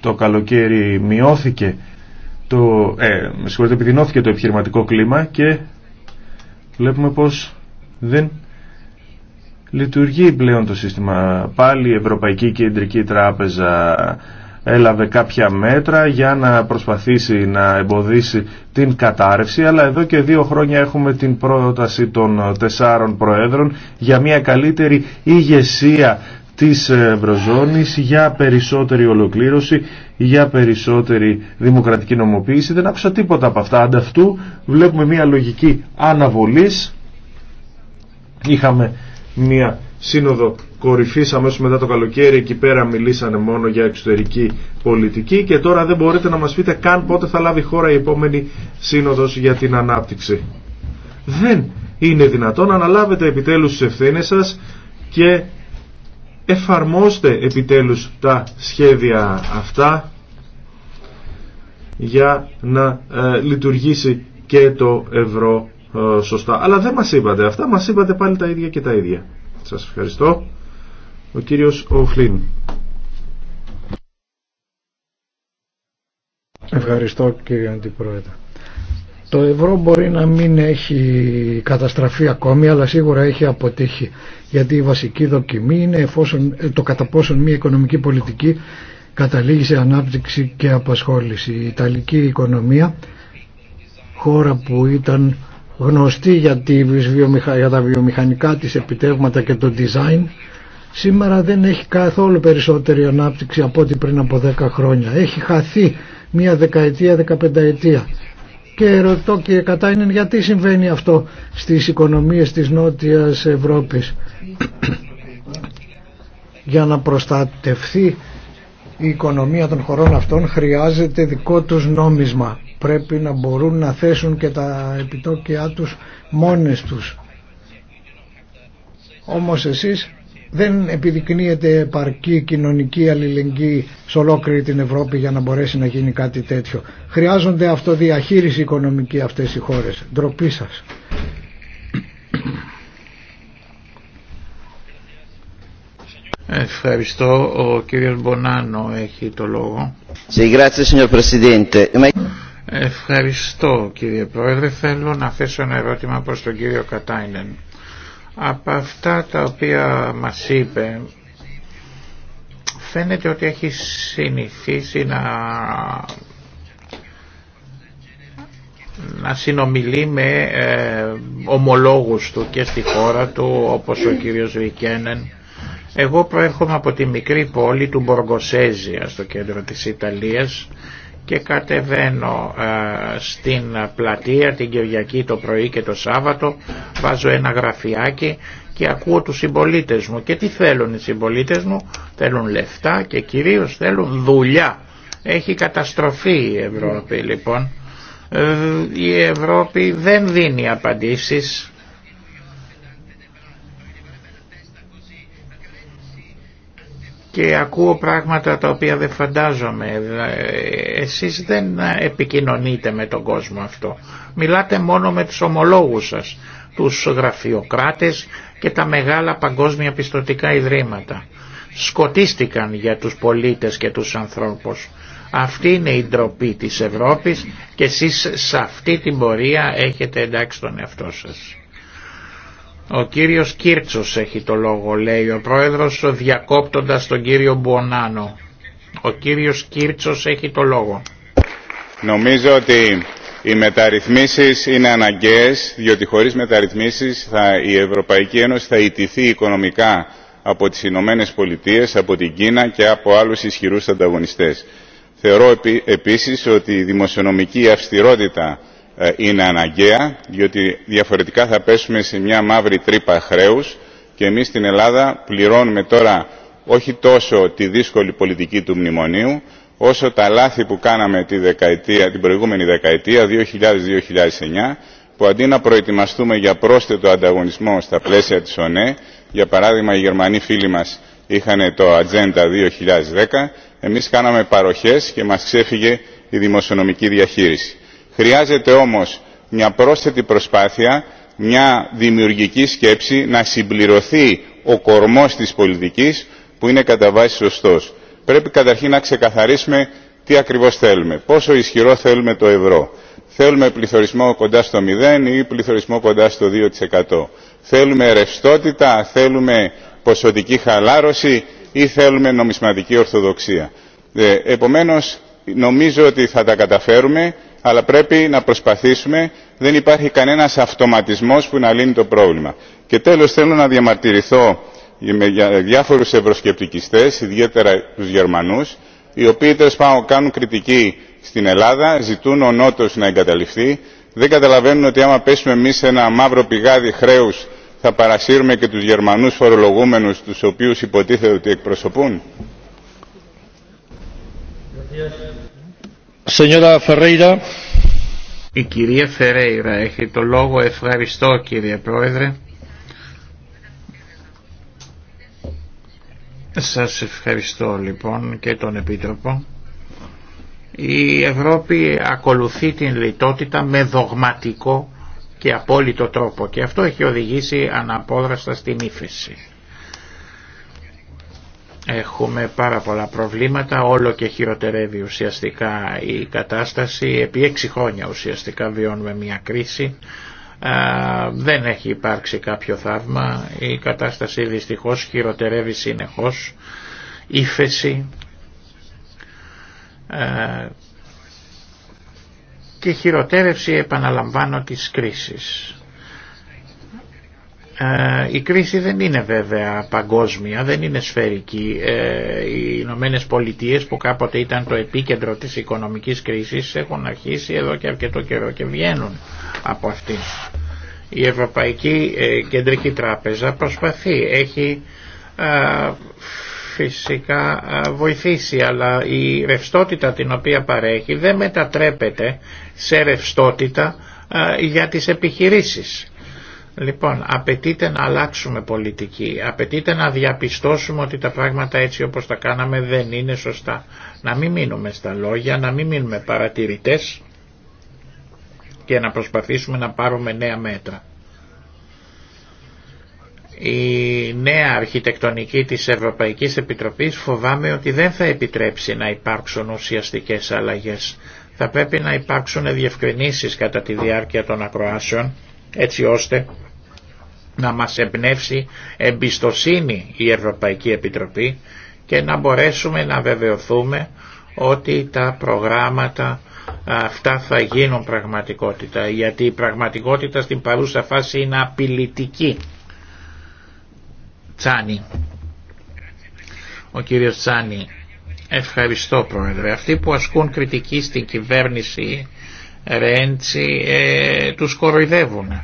το καλοκαίρι μειώθηκε το, ε, συγχωρείτε, επιδεινώθηκε το επιχειρηματικό κλίμα και βλέπουμε πως δεν λειτουργεί πλέον το σύστημα. Πάλι η Ευρωπαϊκή Κεντρική Τράπεζα έλαβε κάποια μέτρα για να προσπαθήσει να εμποδίσει την κατάρρευση, αλλά εδώ και δύο χρόνια έχουμε την πρόταση των τεσσάρων προέδρων για μια καλύτερη ηγεσία της Ευρωζώνης για περισσότερη ολοκλήρωση, για περισσότερη δημοκρατική νομοποίηση. Δεν άκουσα τίποτα από αυτά. Ανταυτού βλέπουμε μια λογική αναβολής. Είχαμε μια σύνοδο κορυφής αμέσως μετά το καλοκαίρι εκεί πέρα μιλήσανε μόνο για εξωτερική πολιτική και τώρα δεν μπορείτε να μας πείτε καν πότε θα λάβει η χώρα η επόμενη σύνοδος για την ανάπτυξη. Δεν είναι δυνατόν να αναλάβετε επιτέλους τις ευθύνες σας και εφαρμόστε επιτέλους τα σχέδια αυτά για να ε, λειτουργήσει και το ευρώ ε, σωστά. Αλλά δεν μας είπατε αυτά, μας είπατε πάλι τα ίδια και τα ίδια. Σας ευχαριστώ. Ο κύριος Οφλίν. Ευχαριστώ κύριε Αντιπρόεδρε. Το ευρώ μπορεί να μην έχει καταστραφεί ακόμη αλλά σίγουρα έχει αποτύχει γιατί η βασική δοκιμή είναι εφόσον, ε, το κατά πόσον μια οικονομική πολιτική καταλήγει σε ανάπτυξη και απασχόληση. Η Ιταλική οικονομία, χώρα που ήταν γνωστή για, για τα βιομηχανικά της επιτεύγματα και το design σήμερα δεν έχει καθόλου περισσότερη ανάπτυξη από ό,τι πριν από 10 χρόνια. Έχει χαθεί μία δεκαετία, δεκαπενταετία. Και ρωτώ κατά είναι γιατί συμβαίνει αυτό στις οικονομίες της Νότιας Ευρώπης (clears throat) για να προστατευθεί η οικονομία των χωρών αυτών χρειάζεται δικό τους νόμισμα πρέπει να μπορούν να θέσουν και τα επιτόκια τους μόνες τους. Όμως εσείς δεν επιδεικνύεται επαρκή κοινωνική αλληλεγγύη σε ολόκληρη την Ευρώπη για να μπορέσει να γίνει κάτι τέτοιο. Χρειάζονται αυτοδιαχείριση οικονομική αυτές οι χώρες. Ντροπή σας. Ευχαριστώ. Ο κύριος Μπονάνο έχει το λόγο. Ευχαριστώ κύριε Πρόεδρε. Θέλω να θέσω ένα ερώτημα προς τον κύριο Κατάινεν. Από αυτά τα οποία μας είπε φαίνεται ότι έχει συνηθίσει να να συνομιλεί με ε, ομολόγους του και στη χώρα του όπως ο κύριος Βικένεν. Εγώ προέρχομαι από τη μικρή πόλη του Μποργοσέζια στο κέντρο της Ιταλίας και κατεβαίνω ε, στην πλατεία την Κυριακή το πρωί και το Σάββατο, βάζω ένα γραφιάκι και ακούω τους συμπολίτε μου. Και τι θέλουν οι συμπολίτε μου, θέλουν λεφτά και κυρίως θέλουν δουλειά. Έχει καταστροφεί η Ευρώπη λοιπόν. Ε, η Ευρώπη δεν δίνει απαντήσεις και ακούω πράγματα τα οποία δεν φαντάζομαι. Εσείς δεν επικοινωνείτε με τον κόσμο αυτό. Μιλάτε μόνο με τους ομολόγους σας, τους γραφειοκράτες και τα μεγάλα παγκόσμια πιστοτικά ιδρύματα. Σκοτίστηκαν για τους πολίτες και τους ανθρώπους. Αυτή είναι η ντροπή της Ευρώπης και εσείς σε αυτή την πορεία έχετε εντάξει τον εαυτό σας. Ο κύριος Κίρτσος έχει το λόγο, λέει ο πρόεδρος διακόπτοντας τον κύριο Μπονάνο. Ο κύριος Κίρτσος έχει το λόγο. Νομίζω ότι οι μεταρρυθμίσεις είναι αναγκαίες, διότι χωρίς μεταρρυθμίσεις θα, η Ευρωπαϊκή Ένωση θα ιτηθεί οικονομικά από τις Ηνωμένε Πολιτείες, από την Κίνα και από άλλους ισχυρούς ανταγωνιστές. Θεωρώ επίσης ότι η δημοσιονομική αυστηρότητα ε, είναι αναγκαία διότι διαφορετικά θα πέσουμε σε μια μαύρη τρύπα χρέου, και εμείς στην Ελλάδα πληρώνουμε τώρα όχι τόσο τη δύσκολη πολιτική του μνημονίου όσο τα λάθη που κάναμε τη δεκαετία, την προηγούμενη δεκαετία 2000-2009 που αντί να προετοιμαστούμε για πρόσθετο ανταγωνισμό στα πλαίσια της ΟΝΕ για παράδειγμα οι Γερμανοί φίλοι μας είχαν το Ατζέντα 2010 εμείς κάναμε παροχές και μας ξέφυγε η δημοσιονομική διαχείριση. Χρειάζεται όμως μια πρόσθετη προσπάθεια, μια δημιουργική σκέψη να συμπληρωθεί ο κορμός της πολιτικής που είναι κατά βάση σωστός. Πρέπει καταρχήν να ξεκαθαρίσουμε τι ακριβώς θέλουμε, πόσο ισχυρό θέλουμε το ευρώ. Θέλουμε πληθωρισμό κοντά στο 0 ή πληθωρισμό κοντά στο 2%. Θέλουμε ρευστότητα, θέλουμε ποσοτική χαλάρωση ή θέλουμε νομισματική ορθοδοξία. Ε, επομένως, νομίζω ότι θα τα καταφέρουμε αλλά πρέπει να προσπαθήσουμε δεν υπάρχει κανένα αυτοματισμός που να λύνει το πρόβλημα. και τελο θέλω να διαμαρτυρηθώ με διαφορου ευρωσκεπτικιστε ιδιαίτερα του γερμανούς οι οποίοι τελο πάντων κάνουν κριτική στην ελλάδα ζητούν ο Νότο να εγκαταληφθει δεν καταλαβαίνουν ότι άμα πέσουμε εμεί σε ένα μαύρο πηγάδι χρέου, θα παρασύρουμε και τους γερμανούς φορολογούμενους του οποίου υποτίθεται ότι εκπροσωπούν. Η κυρία Φερέιρα έχει το λόγο. Ευχαριστώ κύριε Πρόεδρε. Σας ευχαριστώ λοιπόν και τον Επίτροπο. Η Ευρώπη ακολουθεί την λιτότητα με δογματικό και απόλυτο τρόπο και αυτό έχει οδηγήσει αναπόδραστα στην ύφεση. Έχουμε πάρα πολλά προβλήματα, όλο και χειροτερεύει ουσιαστικά η κατάσταση. Επί έξι χρόνια ουσιαστικά βιώνουμε μια κρίση. Δεν έχει υπάρξει κάποιο θαύμα. Η κατάσταση δυστυχώς χειροτερεύει συνεχώς. ύφεση και χειροτέρευση επαναλαμβάνω της κρίσης. Ε, η κρίση δεν είναι βέβαια παγκόσμια, δεν είναι σφαιρική. Ε, οι Ηνωμένε Πολιτείε που κάποτε ήταν το επίκεντρο της οικονομικής κρίσης έχουν αρχίσει εδώ και αρκετό καιρό και βγαίνουν από αυτήν. Η Ευρωπαϊκή ε, Κεντρική Τράπεζα προσπαθεί, έχει φυσικά βοηθήσει αλλά η ρευστότητα την οποία παρέχει δεν μετατρέπεται σε ρευστότητα για τις επιχειρήσεις Λοιπόν, απαιτείται να αλλάξουμε πολιτική, απαιτείται να διαπιστώσουμε ότι τα πράγματα έτσι όπως τα κάναμε δεν είναι σωστά. Να μην μείνουμε στα λόγια, να μην μείνουμε παρατηρητές και να προσπαθήσουμε να πάρουμε νέα μέτρα. Η νέα αρχιτεκτονική της Ευρωπαϊκής Επιτροπής φοβάμαι ότι δεν θα επιτρέψει να υπάρξουν ουσιαστικές αλλαγές. Θα πρέπει να υπάρξουν διευκρινήσεις κατά τη διάρκεια των ακροάσεων έτσι ώστε να μας εμπνεύσει εμπιστοσύνη η Ευρωπαϊκή Επιτροπή και να μπορέσουμε να βεβαιωθούμε ότι τα προγράμματα αυτά θα γίνουν πραγματικότητα γιατί η πραγματικότητα στην παρούσα φάση είναι απειλητική. Τσάνι. Ο κύριος Τσάνι. Ευχαριστώ πρόεδρε. Αυτοί που ασκούν κριτική στην κυβέρνηση Ρέντσι ε, τους κοροϊδεύουν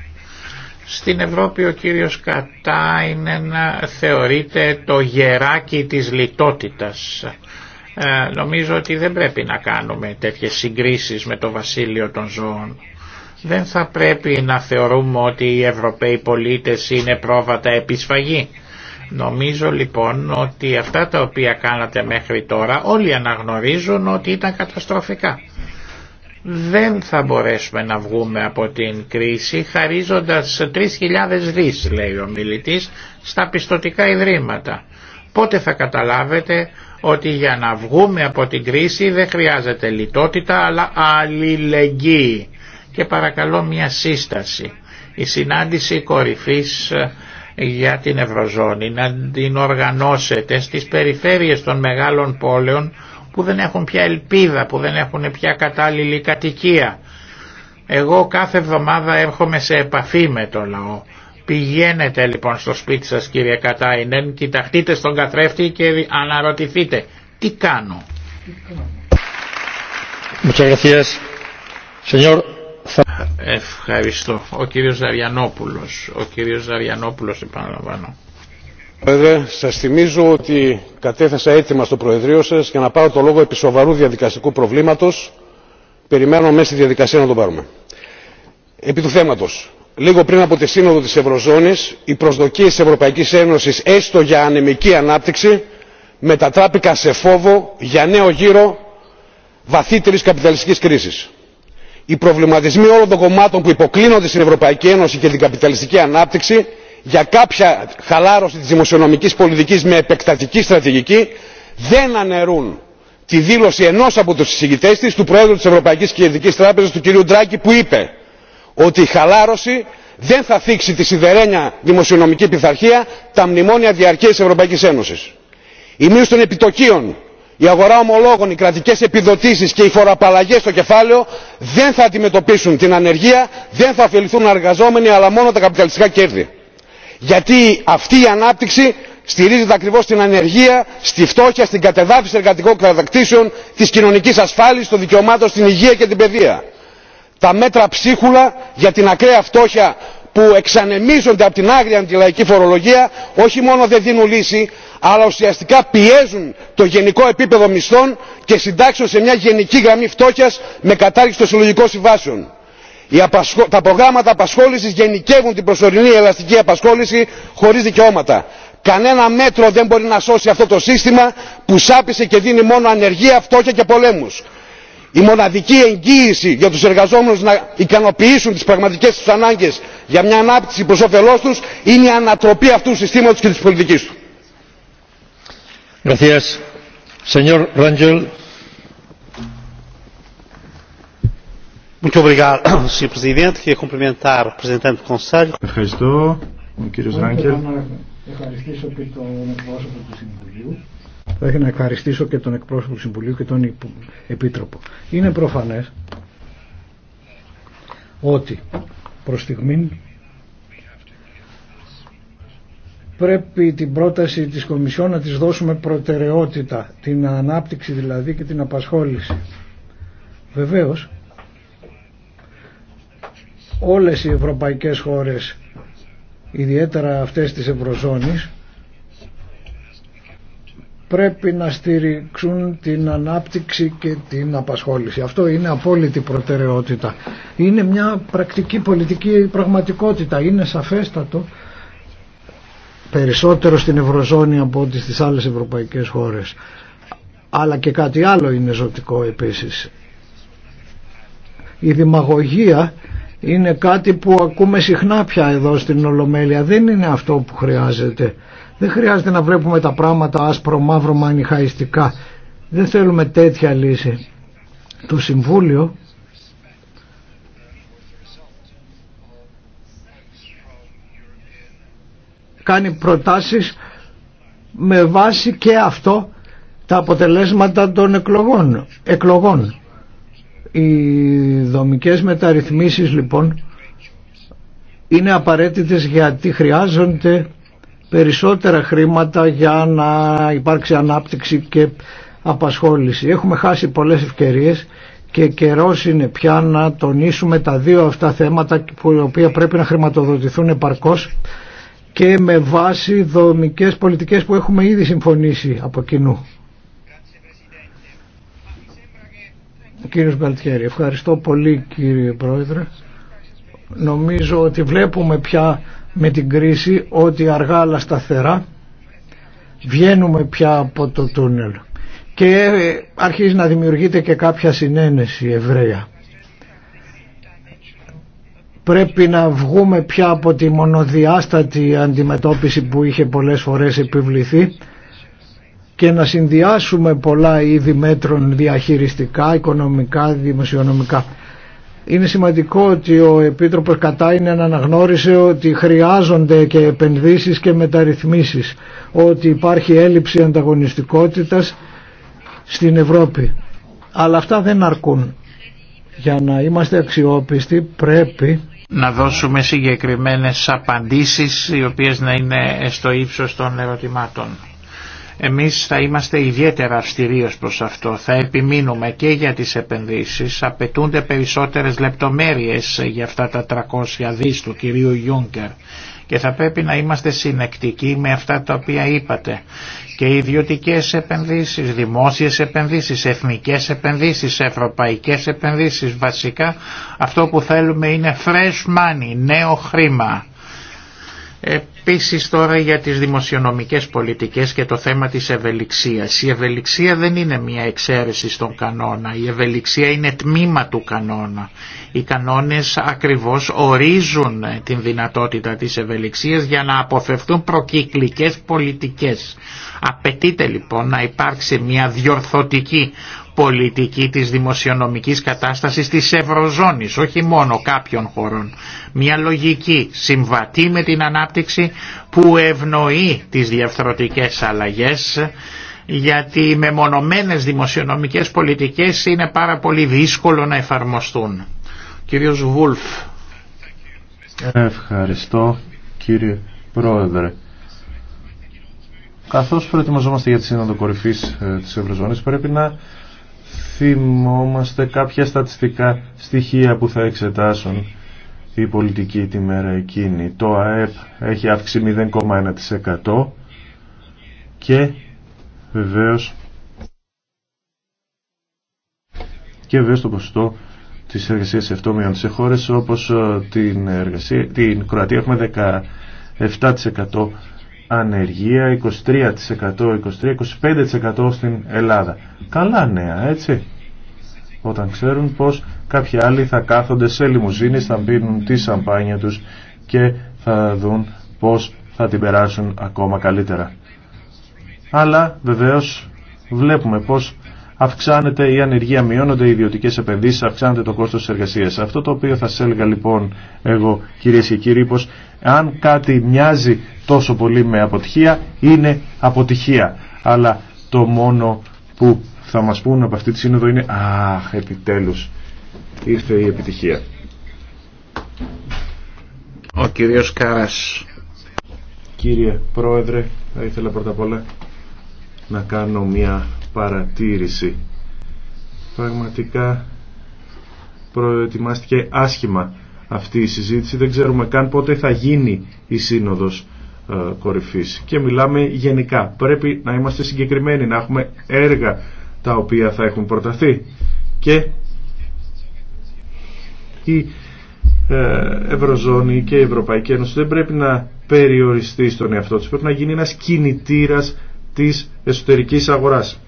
στην Ευρώπη ο κύριος Κατά είναι να θεωρείται το γεράκι της λιτότητας. Ε, νομίζω ότι δεν πρέπει να κάνουμε τέτοιες συγκρίσεις με το βασίλειο των ζώων. Δεν θα πρέπει να θεωρούμε ότι οι Ευρωπαίοι πολίτες είναι πρόβατα επισφαγή. Νομίζω λοιπόν ότι αυτά τα οποία κάνατε μέχρι τώρα όλοι αναγνωρίζουν ότι ήταν καταστροφικά δεν θα μπορέσουμε να βγούμε από την κρίση χαρίζοντας 3.000 δις λέει ο μιλητής στα πιστοτικά ιδρύματα. Πότε θα καταλάβετε ότι για να βγούμε από την κρίση δεν χρειάζεται λιτότητα αλλά αλληλεγγύη. Και παρακαλώ μια σύσταση. Η συνάντηση κορυφής ε, για την Ευρωζώνη να την οργανώσετε στις περιφέρειες των μεγάλων πόλεων που δεν έχουν πια ελπίδα, που δεν έχουν πια κατάλληλη κατοικία. Εγώ κάθε εβδομάδα έρχομαι σε επαφή με το λαό. Πηγαίνετε λοιπόν στο σπίτι σας κύριε Κατάινεν, κοιταχτείτε στον καθρέφτη και αναρωτηθείτε τι κάνω. Ευχαριστώ. Ο κύριος Ζαριανόπουλος. Ο κύριος Ζαριανόπουλος επαναλαμβάνω. Πρόεδρε, σας θυμίζω ότι κατέθεσα αίτημα στο Προεδρείο σας για να πάρω το λόγο επί σοβαρού διαδικαστικού προβλήματος. Περιμένω μέσα στη διαδικασία να το πάρουμε. Επί του θέματος, Λίγο πριν από τη Σύνοδο της Ευρωζώνης, οι προσδοκίε της Ευρωπαϊκής Ένωσης έστω για ανεμική ανάπτυξη, μετατράπηκαν σε φόβο για νέο γύρο βαθύτερης καπιταλιστική κρίση. Οι προβληματισμοί όλων των κομμάτων που υποκλίνονται στην Ευρωπαϊκή Ένωση και την καπιταλιστική ανάπτυξη για κάποια χαλάρωση της δημοσιονομικής πολιτικής με επεκτατική στρατηγική δεν αναιρούν τη δήλωση ενός από τους συζητητές της, του Πρόεδρου της Ευρωπαϊκής Κεντρικής Τράπεζας, του κ. Ντράκη, που είπε ότι η χαλάρωση δεν θα θίξει τη σιδερένια δημοσιονομική πειθαρχία, τα μνημόνια διαρκείας της Ευρωπαϊκής Ένωσης. Η μείωση των επιτοκίων, η αγορά ομολόγων, οι κρατικές επιδοτήσεις και οι φοροαπαλλαγές στο κεφάλαιο δεν θα αντιμετωπίσουν την ανεργία, δεν θα ωφεληθούν εργαζόμενοι αλλά μόνο τα καπιταλιστικά κέρδη γιατί αυτή η ανάπτυξη στηρίζεται ακριβώς στην ανεργία στη φτώχεια στην κατεδάφιση εργατικών κατακτήσεων της κοινωνικής ασφάλισης των δικαιωμάτων στην υγεία και την παιδεία. τα μέτρα ψίχουλα για την ακραία φτώχεια που εξανεμίζονται από την άγρια αντιλαϊκή φορολογία όχι μόνο δεν δίνουν λύση αλλά ουσιαστικά πιέζουν το γενικό επίπεδο μισθών και συντάξουν σε μια γενική γραμμή φτώχειας με κατάργηση των συλλογικών συμβάσεων τα προγράμματα απασχόλησης γενικεύουν την προσωρινή ελαστική απασχόληση χωρίς δικαιώματα. κανένα μέτρο δεν μπορεί να σώσει αυτό το σύστημα που σάπισε και δίνει μόνο ανεργία φτώχεια και πολέμους. η μοναδική εγγύηση για τους εργαζόμενους να ικανοποιήσουν τις πραγματικές τους ανάγκες για μια ανάπτυξη προς όφελός τους είναι η ανατροπή αυτού του συστήματος και της πολιτικής του. Ευχαριστώ, ο κύριος Θα ήθελα να ευχαριστήσω και τον εκπρόσωπο του Συμβουλίου και τον Επίτροπο. Είναι προφανές ότι προ στιγμή πρέπει την πρόταση της Κομισιόν να της δώσουμε προτεραιότητα, την ανάπτυξη δηλαδή και την απασχόληση. Βεβαίως, όλες οι ευρωπαϊκές χώρες ιδιαίτερα αυτές της Ευρωζώνης πρέπει να στηρίξουν την ανάπτυξη και την απασχόληση. Αυτό είναι απόλυτη προτεραιότητα. Είναι μια πρακτική πολιτική πραγματικότητα. Είναι σαφέστατο περισσότερο στην Ευρωζώνη από ό,τι στις άλλες ευρωπαϊκές χώρες. Αλλά και κάτι άλλο είναι ζωτικό επίσης. Η δημαγωγία είναι κάτι που ακούμε συχνά πια εδώ στην Ολομέλεια. Δεν είναι αυτό που χρειάζεται. Δεν χρειάζεται να βλέπουμε τα πράγματα άσπρο-μαύρο μανιχαϊστικά. Δεν θέλουμε τέτοια λύση. Το Συμβούλιο κάνει προτάσεις με βάση και αυτό τα αποτελέσματα των εκλογών. εκλογών. Οι δομικές μεταρρυθμίσεις λοιπόν είναι απαραίτητες γιατί χρειάζονται περισσότερα χρήματα για να υπάρξει ανάπτυξη και απασχόληση. Έχουμε χάσει πολλές ευκαιρίες και καιρό είναι πια να τονίσουμε τα δύο αυτά θέματα που οι οποία πρέπει να χρηματοδοτηθούν επαρκώς και με βάση δομικές πολιτικές που έχουμε ήδη συμφωνήσει από κοινού. κύριος Μπαλτιέρη, ευχαριστώ πολύ κύριε Πρόεδρε. Νομίζω ότι βλέπουμε πια με την κρίση ότι αργά αλλά σταθερά βγαίνουμε πια από το τούνελ και ε, αρχίζει να δημιουργείται και κάποια συνένεση ευρεία. Πρέπει να βγούμε πια από τη μονοδιάστατη αντιμετώπιση που είχε πολλές φορές επιβληθεί και να συνδυάσουμε πολλά είδη μέτρων διαχειριστικά, οικονομικά, δημοσιονομικά. Είναι σημαντικό ότι ο Επίτροπος να αναγνώρισε ότι χρειάζονται και επενδύσεις και μεταρρυθμίσεις, ότι υπάρχει έλλειψη ανταγωνιστικότητας στην Ευρώπη. Αλλά αυτά δεν αρκούν. Για να είμαστε αξιόπιστοι πρέπει να δώσουμε συγκεκριμένες απαντήσεις οι οποίες να είναι στο ύψος των ερωτημάτων. Εμείς θα είμαστε ιδιαίτερα αυστηροί ως προς αυτό. Θα επιμείνουμε και για τις επενδύσεις. Απαιτούνται περισσότερες λεπτομέρειες για αυτά τα 300 δις του κυρίου Γιούγκερ και θα πρέπει να είμαστε συνεκτικοί με αυτά τα οποία είπατε. Και ιδιωτικές επενδύσεις, δημόσιες επενδύσεις, εθνικές επενδύσεις, ευρωπαϊκές επενδύσεις. Βασικά αυτό που θέλουμε είναι fresh money, νέο χρήμα Επίσης τώρα για τις δημοσιονομικές πολιτικές και το θέμα της ευελιξίας. Η ευελιξία δεν είναι μια εξαίρεση στον κανόνα, η ευελιξία είναι τμήμα του κανόνα. Οι κανόνες ακριβώς ορίζουν την δυνατότητα της ευελιξίας για να αποφευθούν προκυκλικές πολιτικές. Απαιτείται λοιπόν να υπάρξει μια διορθωτική πολιτική της δημοσιονομικής κατάστασης της Ευρωζώνης, όχι μόνο κάποιων χωρών. Μια λογική συμβατή με την ανάπτυξη που ευνοεί τις διαφθρωτικές αλλαγές γιατί με μεμονωμένες δημοσιονομικές πολιτικές είναι πάρα πολύ δύσκολο να εφαρμοστούν. Κύριος Βούλφ. Ευχαριστώ κύριε Πρόεδρε. Καθώς προετοιμαζόμαστε για τη Σύνοδο Κορυφής ε, της Ευρωζώνης πρέπει να θυμόμαστε κάποια στατιστικά στοιχεία που θα εξετάσουν η πολιτική τη μέρα εκείνη. Το ΑΕΠ έχει αύξηση 0,1% και βεβαίως και βεβαίως το ποσοστό της εργασίας αυτό μειώνεται. Σε χώρες όπως ε, την, εργασία, την Κροατία έχουμε 17% ανεργία 23%, 23-25% στην Ελλάδα. Καλά νέα, έτσι. Όταν ξέρουν πως κάποιοι άλλοι θα κάθονται σε λιμουζίνες, θα πίνουν τη σαμπάνια τους και θα δουν πως θα την περάσουν ακόμα καλύτερα. Αλλά βεβαίως βλέπουμε πως αυξάνεται η ανεργία, μειώνονται οι ιδιωτικές επενδύσεις, αυξάνεται το κόστος της εργασίας. Αυτό το οποίο θα σας έλεγα λοιπόν εγώ κυρίες και κύριοι πως αν κάτι μοιάζει τόσο πολύ με αποτυχία είναι αποτυχία. Αλλά το μόνο που θα μας πούν από αυτή τη σύνοδο είναι «Αχ, επιτέλους ήρθε η επιτυχία». Ο κύριος Κάρας. Κύριε Πρόεδρε, θα ήθελα πρώτα απ' όλα να κάνω μια παρατήρηση. Πραγματικά προετοιμάστηκε άσχημα αυτή η συζήτηση. Δεν ξέρουμε καν πότε θα γίνει η σύνοδος ε, κορυφής. Και μιλάμε γενικά. Πρέπει να είμαστε συγκεκριμένοι, να έχουμε έργα τα οποία θα έχουν προταθεί. Και η ε, Ευρωζώνη και η Ευρωπαϊκή Ένωση δεν πρέπει να περιοριστεί στον εαυτό τους. Πρέπει να γίνει ένας κινητήρας της εσωτερικής αγοράς.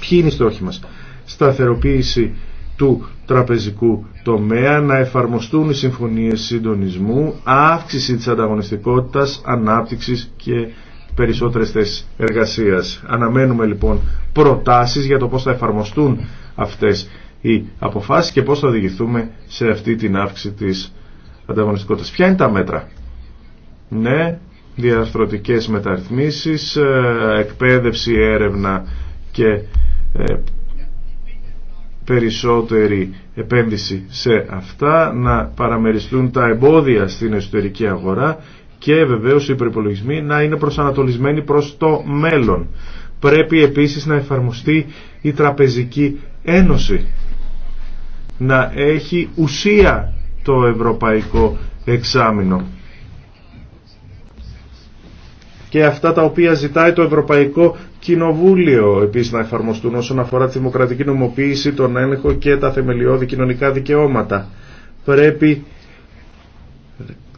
Ποιοι είναι οι στόχοι μας. Σταθεροποίηση του τραπεζικού τομέα, να εφαρμοστούν οι συμφωνίες συντονισμού, αύξηση της ανταγωνιστικότητας, ανάπτυξης και περισσότερες θέσεις εργασίας. Αναμένουμε λοιπόν προτάσεις για το πώς θα εφαρμοστούν αυτές οι αποφάσεις και πώς θα οδηγηθούμε σε αυτή την αύξηση της ανταγωνιστικότητας. Ποια είναι τα μέτρα. Ναι, διαρθρωτικές μεταρρυθμίσεις, ε, εκπαίδευση, έρευνα και ε, περισσότερη επένδυση σε αυτά, να παραμεριστούν τα εμπόδια στην εσωτερική αγορά και βεβαίως οι προπολογισμοί να είναι προσανατολισμένοι προς το μέλλον. Πρέπει επίσης να εφαρμοστεί η Τραπεζική Ένωση, να έχει ουσία το Ευρωπαϊκό Εξάμεινο και αυτά τα οποία ζητάει το Ευρωπαϊκό Κοινοβούλιο επίσης να εφαρμοστούν όσον αφορά τη δημοκρατική νομοποίηση, τον έλεγχο και τα θεμελιώδη κοινωνικά δικαιώματα. Πρέπει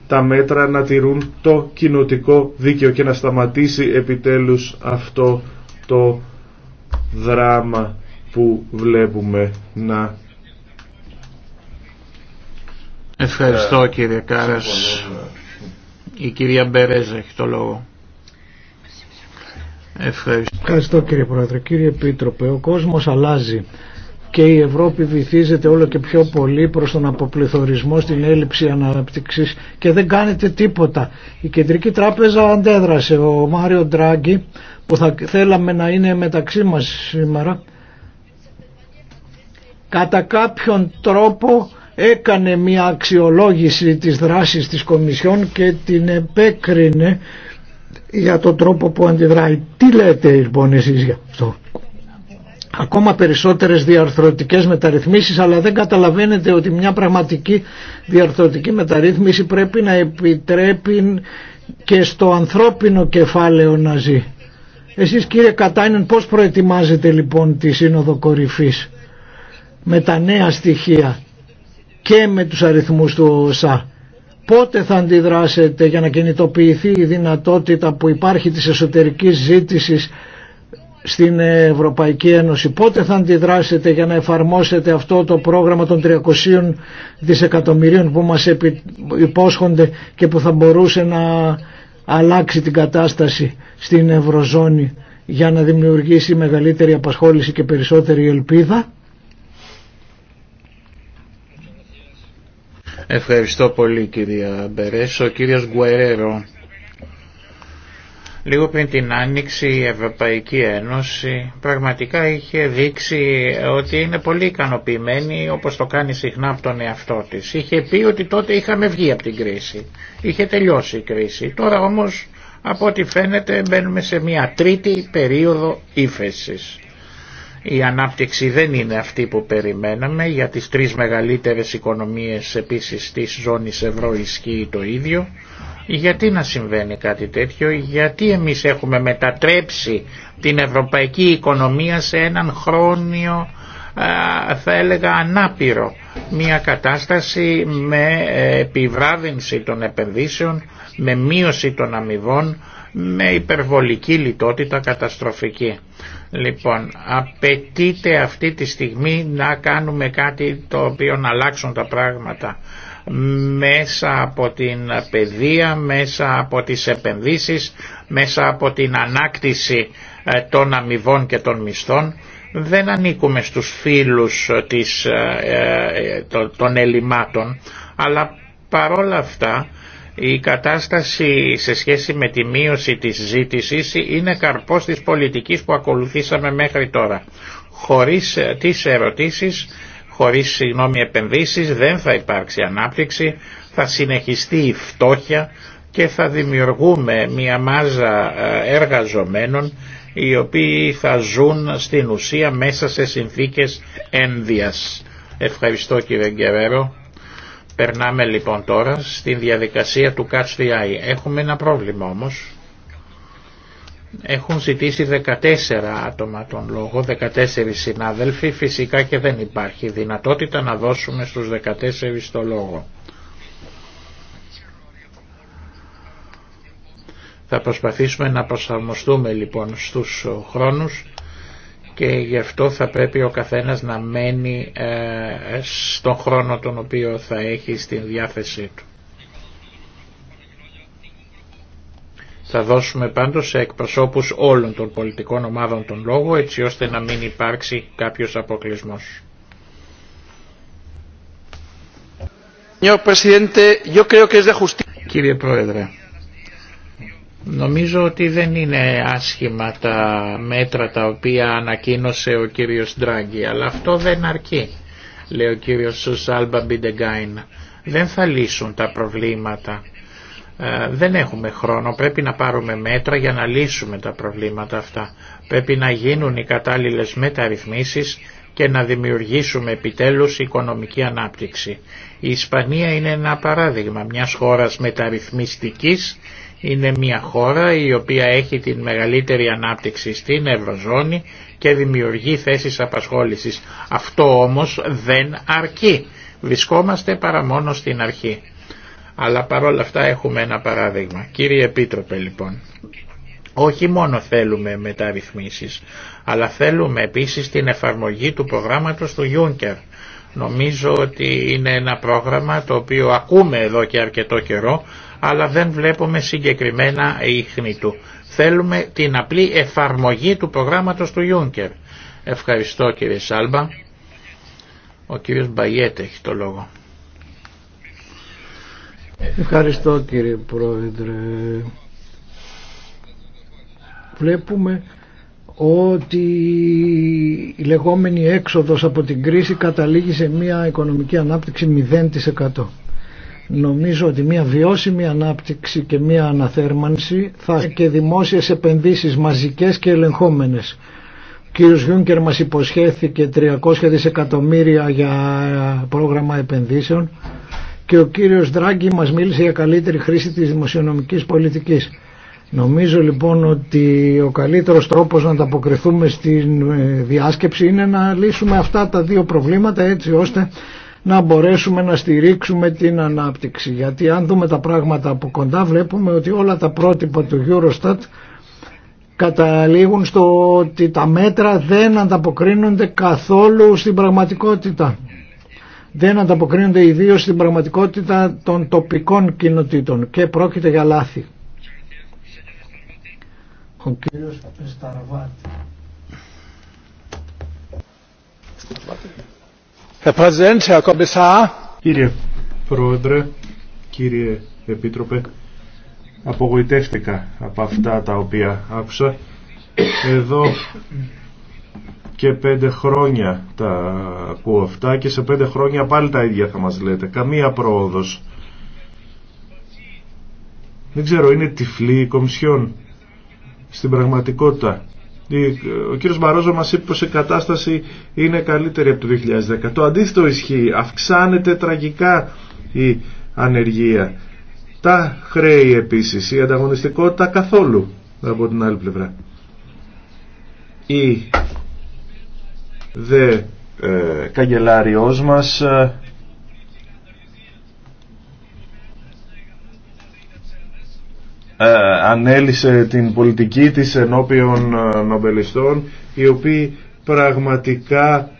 τα μέτρα να τηρούν το κοινοτικό δίκαιο και να σταματήσει επιτέλους αυτό το δράμα που βλέπουμε να Ευχαριστώ κύριε Κάρας. Ε, Η κυρία Μπερέζα έχει το λόγο. Ευχαριστώ. κύριε Πρόεδρε. Κύριε Επίτροπε, ο κόσμος αλλάζει και η Ευρώπη βυθίζεται όλο και πιο πολύ προς τον αποπληθωρισμό στην έλλειψη αναπτυξής και δεν κάνετε τίποτα. Η Κεντρική Τράπεζα αντέδρασε. Ο Μάριο Ντράγκη που θα θέλαμε να είναι μεταξύ μας σήμερα κατά κάποιον τρόπο έκανε μια αξιολόγηση της δράσης της Κομισιόν και την επέκρινε για τον τρόπο που αντιδράει. Τι λέτε λοιπόν εσείς γι' αυτό. Ακόμα περισσότερες διαρθρωτικές μεταρρυθμίσεις αλλά δεν καταλαβαίνετε ότι μια πραγματική διαρθρωτική μεταρρύθμιση πρέπει να επιτρέπει και στο ανθρώπινο κεφάλαιο να ζει. Εσείς κύριε Κατάινεν πώς προετοιμάζετε λοιπόν τη Σύνοδο Κορυφής με τα νέα στοιχεία και με τους αριθμούς του ΩΣΑ πότε θα αντιδράσετε για να κινητοποιηθεί η δυνατότητα που υπάρχει της εσωτερικής ζήτησης στην Ευρωπαϊκή Ένωση. Πότε θα αντιδράσετε για να εφαρμόσετε αυτό το πρόγραμμα των 300 δισεκατομμυρίων που μας υπόσχονται και που θα μπορούσε να αλλάξει την κατάσταση στην Ευρωζώνη για να δημιουργήσει μεγαλύτερη απασχόληση και περισσότερη ελπίδα. Ευχαριστώ πολύ κυρία Μπερέσο. Ο κύριος Γκουερέρο. Λίγο πριν την Άνοιξη η Ευρωπαϊκή Ένωση πραγματικά είχε δείξει ότι είναι πολύ ικανοποιημένη όπως το κάνει συχνά από τον εαυτό της. Είχε πει ότι τότε είχαμε βγει από την κρίση. Είχε τελειώσει η κρίση. Τώρα όμως από ό,τι φαίνεται μπαίνουμε σε μια τρίτη περίοδο ύφεσης. Η ανάπτυξη δεν είναι αυτή που περιμέναμε, για τις τρεις μεγαλύτερες οικονομίες επίσης της ζώνης ευρώ ισχύει το ίδιο. Γιατί να συμβαίνει κάτι τέτοιο, γιατί εμείς έχουμε μετατρέψει την ευρωπαϊκή οικονομία σε έναν χρόνιο θα έλεγα ανάπηρο μια κατάσταση με ε, επιβράδυνση των επενδύσεων, με μείωση των αμοιβών με υπερβολική λιτότητα καταστροφική. Λοιπόν, απαιτείται αυτή τη στιγμή να κάνουμε κάτι το οποίο να αλλάξουν τα πράγματα μέσα από την παιδεία, μέσα από τις επενδύσεις, μέσα από την ανάκτηση ε, των αμοιβών και των μισθών. Δεν ανήκουμε στους φίλους ε, της, ε, των ελλημάτων, αλλά παρόλα αυτά η κατάσταση σε σχέση με τη μείωση της ζήτησης είναι καρπός της πολιτικής που ακολουθήσαμε μέχρι τώρα. Χωρίς ε, τις ερωτήσεις, χωρίς συγγνώμη επενδύσεις δεν θα υπάρξει ανάπτυξη, θα συνεχιστεί η φτώχεια και θα δημιουργούμε μια μάζα ε, εργαζομένων οι οποίοι θα ζουν στην ουσία μέσα σε συνθήκες ένδυας. Ευχαριστώ κύριε Γκερέρο. Περνάμε λοιπόν τώρα στην διαδικασία του Catch the Eye. Έχουμε ένα πρόβλημα όμως. Έχουν ζητήσει 14 άτομα τον λόγο, 14 συνάδελφοι, φυσικά και δεν υπάρχει δυνατότητα να δώσουμε στους 14 το λόγο. Θα προσπαθήσουμε να προσαρμοστούμε λοιπόν στους χρόνους και γι' αυτό θα πρέπει ο καθένας να μένει ε, στον χρόνο τον οποίο θα έχει στην διάθεσή του. Θα δώσουμε πάντως σε εκπροσώπους όλων των πολιτικών ομάδων τον λόγο έτσι ώστε να μην υπάρξει κάποιος αποκλεισμός. Κύριε Πρόεδρε, Νομίζω ότι δεν είναι άσχημα τα μέτρα τα οποία ανακοίνωσε ο κύριος Ντράγκη, αλλά αυτό δεν αρκεί, λέει ο κύριος Σουσάλμπα Μπιντεγκάιν. Δεν θα λύσουν τα προβλήματα. Ε, δεν έχουμε χρόνο, πρέπει να πάρουμε μέτρα για να λύσουμε τα προβλήματα αυτά. Πρέπει να γίνουν οι κατάλληλες μεταρρυθμίσεις και να δημιουργήσουμε επιτέλους οικονομική ανάπτυξη. Η Ισπανία είναι ένα παράδειγμα μιας χώρας μεταρρυθμιστικής είναι μια χώρα η οποία έχει την μεγαλύτερη ανάπτυξη στην Ευρωζώνη και δημιουργεί θέσεις απασχόλησης. Αυτό όμως δεν αρκεί. Βρισκόμαστε παρά μόνο στην αρχή. Αλλά παρόλα αυτά έχουμε ένα παράδειγμα. Κύριε Επίτροπε λοιπόν, όχι μόνο θέλουμε μεταρρυθμίσεις, αλλά θέλουμε επίσης την εφαρμογή του προγράμματος του Juncker. Νομίζω ότι είναι ένα πρόγραμμα το οποίο ακούμε εδώ και αρκετό καιρό, αλλά δεν βλέπουμε συγκεκριμένα ίχνη του. Θέλουμε την απλή εφαρμογή του προγράμματος του Ιούνκερ. Ευχαριστώ κύριε Σάλμπα. Ο κύριος Μπαγιέτ έχει το λόγο. Ευχαριστώ κύριε Πρόεδρε. Βλέπουμε ότι η λεγόμενη έξοδος από την κρίση καταλήγει σε μια οικονομική ανάπτυξη 0%. Νομίζω ότι μια βιώσιμη ανάπτυξη και μια αναθέρμανση θα ε. και δημόσιες επενδύσεις μαζικές και ελεγχόμενες. Ο κύριος Γιούνκερ μας υποσχέθηκε 300 δισεκατομμύρια για πρόγραμμα επενδύσεων και ο κύριος Δράγκη μας μίλησε για καλύτερη χρήση της δημοσιονομικής πολιτικής. Νομίζω λοιπόν ότι ο καλύτερος τρόπος να ανταποκριθούμε στην ε, διάσκεψη είναι να λύσουμε αυτά τα δύο προβλήματα έτσι ώστε να μπορέσουμε να στηρίξουμε την ανάπτυξη. Γιατί αν δούμε τα πράγματα από κοντά βλέπουμε ότι όλα τα πρότυπα του Eurostat καταλήγουν στο ότι τα μέτρα δεν ανταποκρίνονται καθόλου στην πραγματικότητα. Δεν ανταποκρίνονται ιδίω στην πραγματικότητα των τοπικών κοινοτήτων και πρόκειται για λάθη. Ο κύριος Κύριε Πρόεδρε, κύριε Επίτροπε, απογοητεύτηκα από αυτά τα οποία άκουσα. Εδώ και πέντε χρόνια τα ακούω αυτά και σε πέντε χρόνια πάλι τα ίδια θα μας λέτε. Καμία πρόοδος. Δεν ξέρω, είναι τυφλή η Κομισιόν. Στην πραγματικότητα ο κύριος Μαρόζο μας είπε πως η κατάσταση είναι καλύτερη από το 2010. Το αντίθετο ισχύει. Αυξάνεται τραγικά η ανεργία. Τα χρέη επίσης, η ανταγωνιστικότητα καθόλου από την άλλη πλευρά. Η δε ε, μας ε, ανέλησε την πολιτική της ενώπιων ε, νομπελιστών οι οποίοι πραγματικά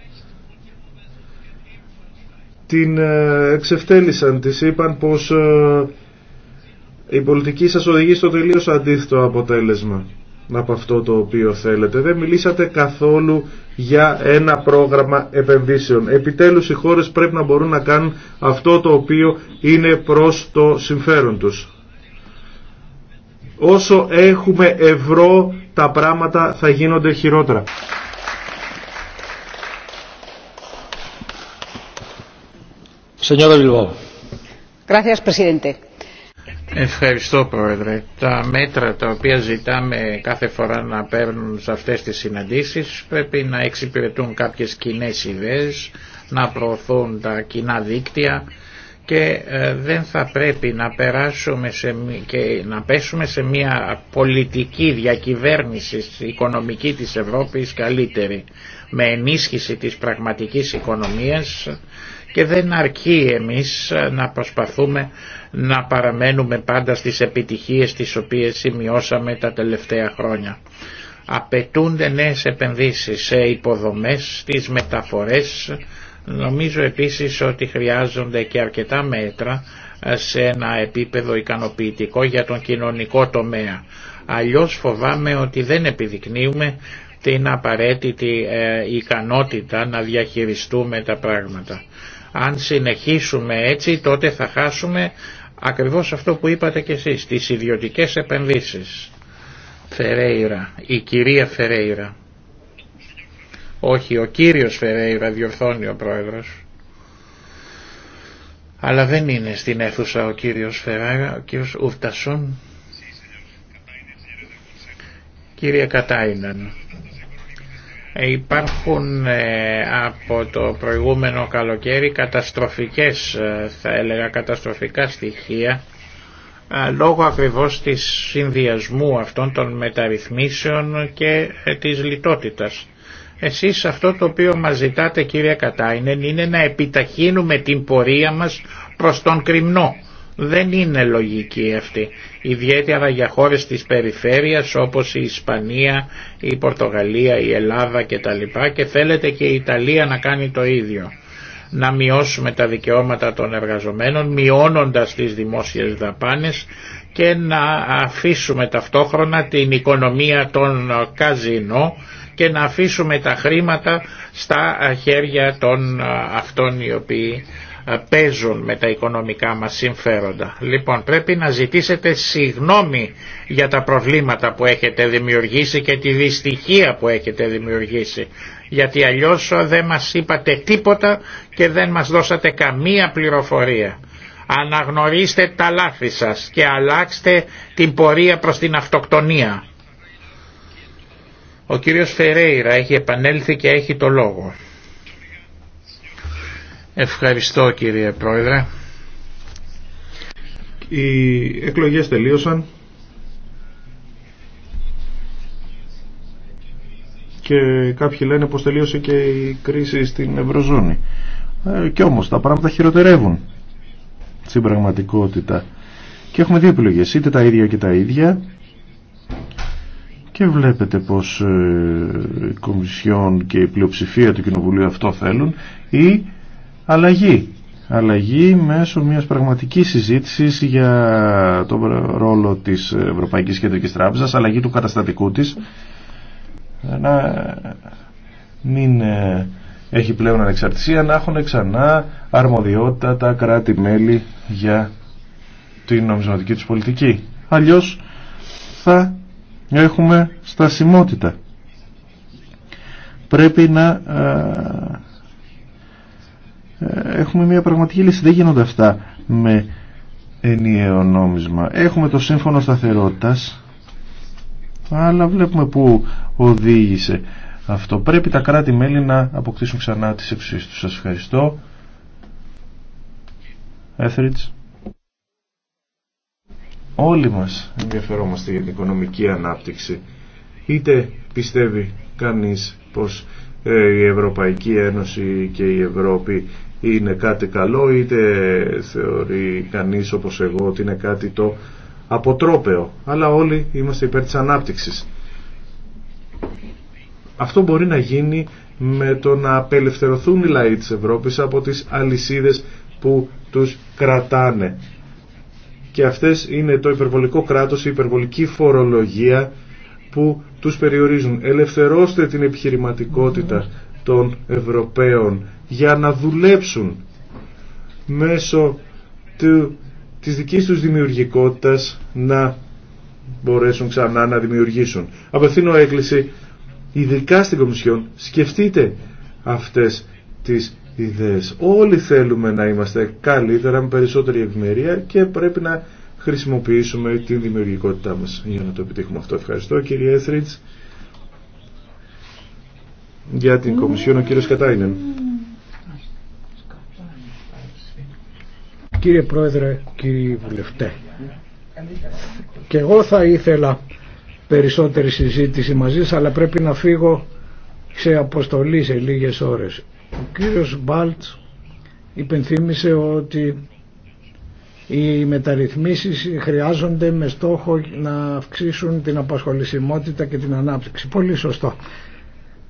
την ε, εξευτέλισαν, της είπαν πως ε, η πολιτική σας οδηγεί στο τελείως αντίθετο αποτέλεσμα από αυτό το οποίο θέλετε. Δεν μιλήσατε καθόλου για ένα πρόγραμμα επενδύσεων. Επιτέλους οι χώρες πρέπει να μπορούν να κάνουν αυτό το οποίο είναι προς το συμφέρον τους. Όσο έχουμε ευρώ τα πράγματα θα γίνονται χειρότερα. Ευχαριστώ Πρόεδρε. Τα μέτρα τα οποία ζητάμε κάθε φορά να παίρνουν σε αυτές τις συναντήσεις πρέπει να εξυπηρετούν κάποιες κοινέ ιδέες, να προωθούν τα κοινά δίκτυα και ε, δεν θα πρέπει να περάσουμε σε, και να πέσουμε σε μια πολιτική διακυβέρνηση οικονομική της Ευρώπης καλύτερη με ενίσχυση της πραγματικής οικονομίας και δεν αρκεί εμείς να προσπαθούμε να παραμένουμε πάντα στις επιτυχίες τις οποίες σημειώσαμε τα τελευταία χρόνια. Απαιτούνται νέες επενδύσεις σε υποδομές, στις μεταφορές, Νομίζω επίσης ότι χρειάζονται και αρκετά μέτρα ε, σε ένα επίπεδο ικανοποιητικό για τον κοινωνικό τομέα. Αλλιώς φοβάμαι ότι δεν επιδεικνύουμε την απαραίτητη ε, ικανότητα να διαχειριστούμε τα πράγματα. Αν συνεχίσουμε έτσι τότε θα χάσουμε ακριβώς αυτό που είπατε κι εσείς, τις ιδιωτικές επενδύσεις. Φερέιρα, η κυρία Φερέιρα. Όχι, ο κύριος Φερέιρα διορθώνει ο πρόεδρος. Αλλά δεν είναι στην αίθουσα ο κύριος Φεράρα, ο κύριος Ουρτασούν. Κύριε Κατάιναν, ε, υπάρχουν ε, από το προηγούμενο καλοκαίρι καταστροφικές, ε, θα έλεγα καταστροφικά στοιχεία λόγω ακριβώς της συνδυασμού αυτών των μεταρρυθμίσεων και της λιτότητας. Εσείς αυτό το οποίο μας ζητάτε κύριε Κατάινεν είναι να επιταχύνουμε την πορεία μας προς τον κρυμνό. Δεν είναι λογική αυτή, ιδιαίτερα για χώρες της περιφέρειας όπως η Ισπανία, η Πορτογαλία, η Ελλάδα κτλ. και θέλετε και η Ιταλία να κάνει το ίδιο. Να μειώσουμε τα δικαιώματα των εργαζομένων μειώνοντας τις δημόσιες δαπάνες και να αφήσουμε ταυτόχρονα την οικονομία των καζίνο και να αφήσουμε τα χρήματα στα χέρια των αυτών οι οποίοι παίζουν με τα οικονομικά μας συμφέροντα. Λοιπόν, πρέπει να ζητήσετε συγνώμη για τα προβλήματα που έχετε δημιουργήσει και τη δυστυχία που έχετε δημιουργήσει. Γιατί αλλιώς δεν μας είπατε τίποτα και δεν μας δώσατε καμία πληροφορία. Αναγνωρίστε τα λάθη σας και αλλάξτε την πορεία προς την αυτοκτονία. Ο κύριος Φερέιρα έχει επανέλθει και έχει το λόγο. Ευχαριστώ κύριε Πρόεδρε. Οι εκλογές τελείωσαν και κάποιοι λένε πως τελείωσε και η κρίση στην Ευρωζώνη. Ε, και όμως τα πράγματα χειροτερεύουν στην πραγματικότητα. Και έχουμε δύο επιλογές, είτε τα ίδια και τα ίδια και βλέπετε πως ε, η Κομισιόν και η πλειοψηφία του Κοινοβουλίου αυτό θέλουν ή αλλαγή. Αλλαγή μέσω μιας πραγματικής συζήτησης για τον ρόλο της Ευρωπαϊκής Κεντρικής Τράπεζας, αλλαγή του καταστατικού της. Να μην ε, έχει πλέον ανεξαρτησία, να έχουν ξανά αρμοδιότητα τα κράτη-μέλη για την νομισματική τους πολιτική. Αλλιώς θα έχουμε στασιμότητα. Πρέπει να ε, ε, έχουμε μια πραγματική λύση. Δεν γίνονται αυτά με ενιαίο νόμισμα. Έχουμε το σύμφωνο σταθερότητας, αλλά βλέπουμε που οδήγησε αυτό. Πρέπει τα κράτη-μέλη να αποκτήσουν ξανά τις εξουσίες τους. Σας ευχαριστώ. Έθριτς. Όλοι μας ενδιαφερόμαστε για την οικονομική ανάπτυξη. Είτε πιστεύει κανείς πως ε, η Ευρωπαϊκή Ένωση και η Ευρώπη είναι κάτι καλό, είτε θεωρεί κανείς όπως εγώ ότι είναι κάτι το αποτρόπαιο. Αλλά όλοι είμαστε υπέρ της ανάπτυξης. Αυτό μπορεί να γίνει με το να απελευθερωθούν οι λαοί της Ευρώπης από τις αλυσίδες που τους κρατάνε και αυτές είναι το υπερβολικό κράτος, η υπερβολική φορολογία που τους περιορίζουν. Ελευθερώστε την επιχειρηματικότητα των Ευρωπαίων για να δουλέψουν μέσω του, της δικής τους δημιουργικότητας να μπορέσουν ξανά να δημιουργήσουν. Απευθύνω έκκληση ειδικά στην Κομισιόν σκεφτείτε αυτές τις ιδέες. Όλοι θέλουμε να είμαστε καλύτερα, με περισσότερη ευημερία και πρέπει να χρησιμοποιήσουμε την δημιουργικότητά μας για να το επιτύχουμε αυτό. Ευχαριστώ κύριε Έθριτς για την Κομισιόν ο κύριος Κατάινεν. Κύριε Πρόεδρε, κύριοι βουλευτέ, και εγώ θα ήθελα περισσότερη συζήτηση μαζί σας, αλλά πρέπει να φύγω σε αποστολή σε λίγες ώρες. Ο κύριος Μπάλτ υπενθύμησε ότι οι μεταρρυθμίσεις χρειάζονται με στόχο να αυξήσουν την απασχολησιμότητα και την ανάπτυξη. Πολύ σωστό.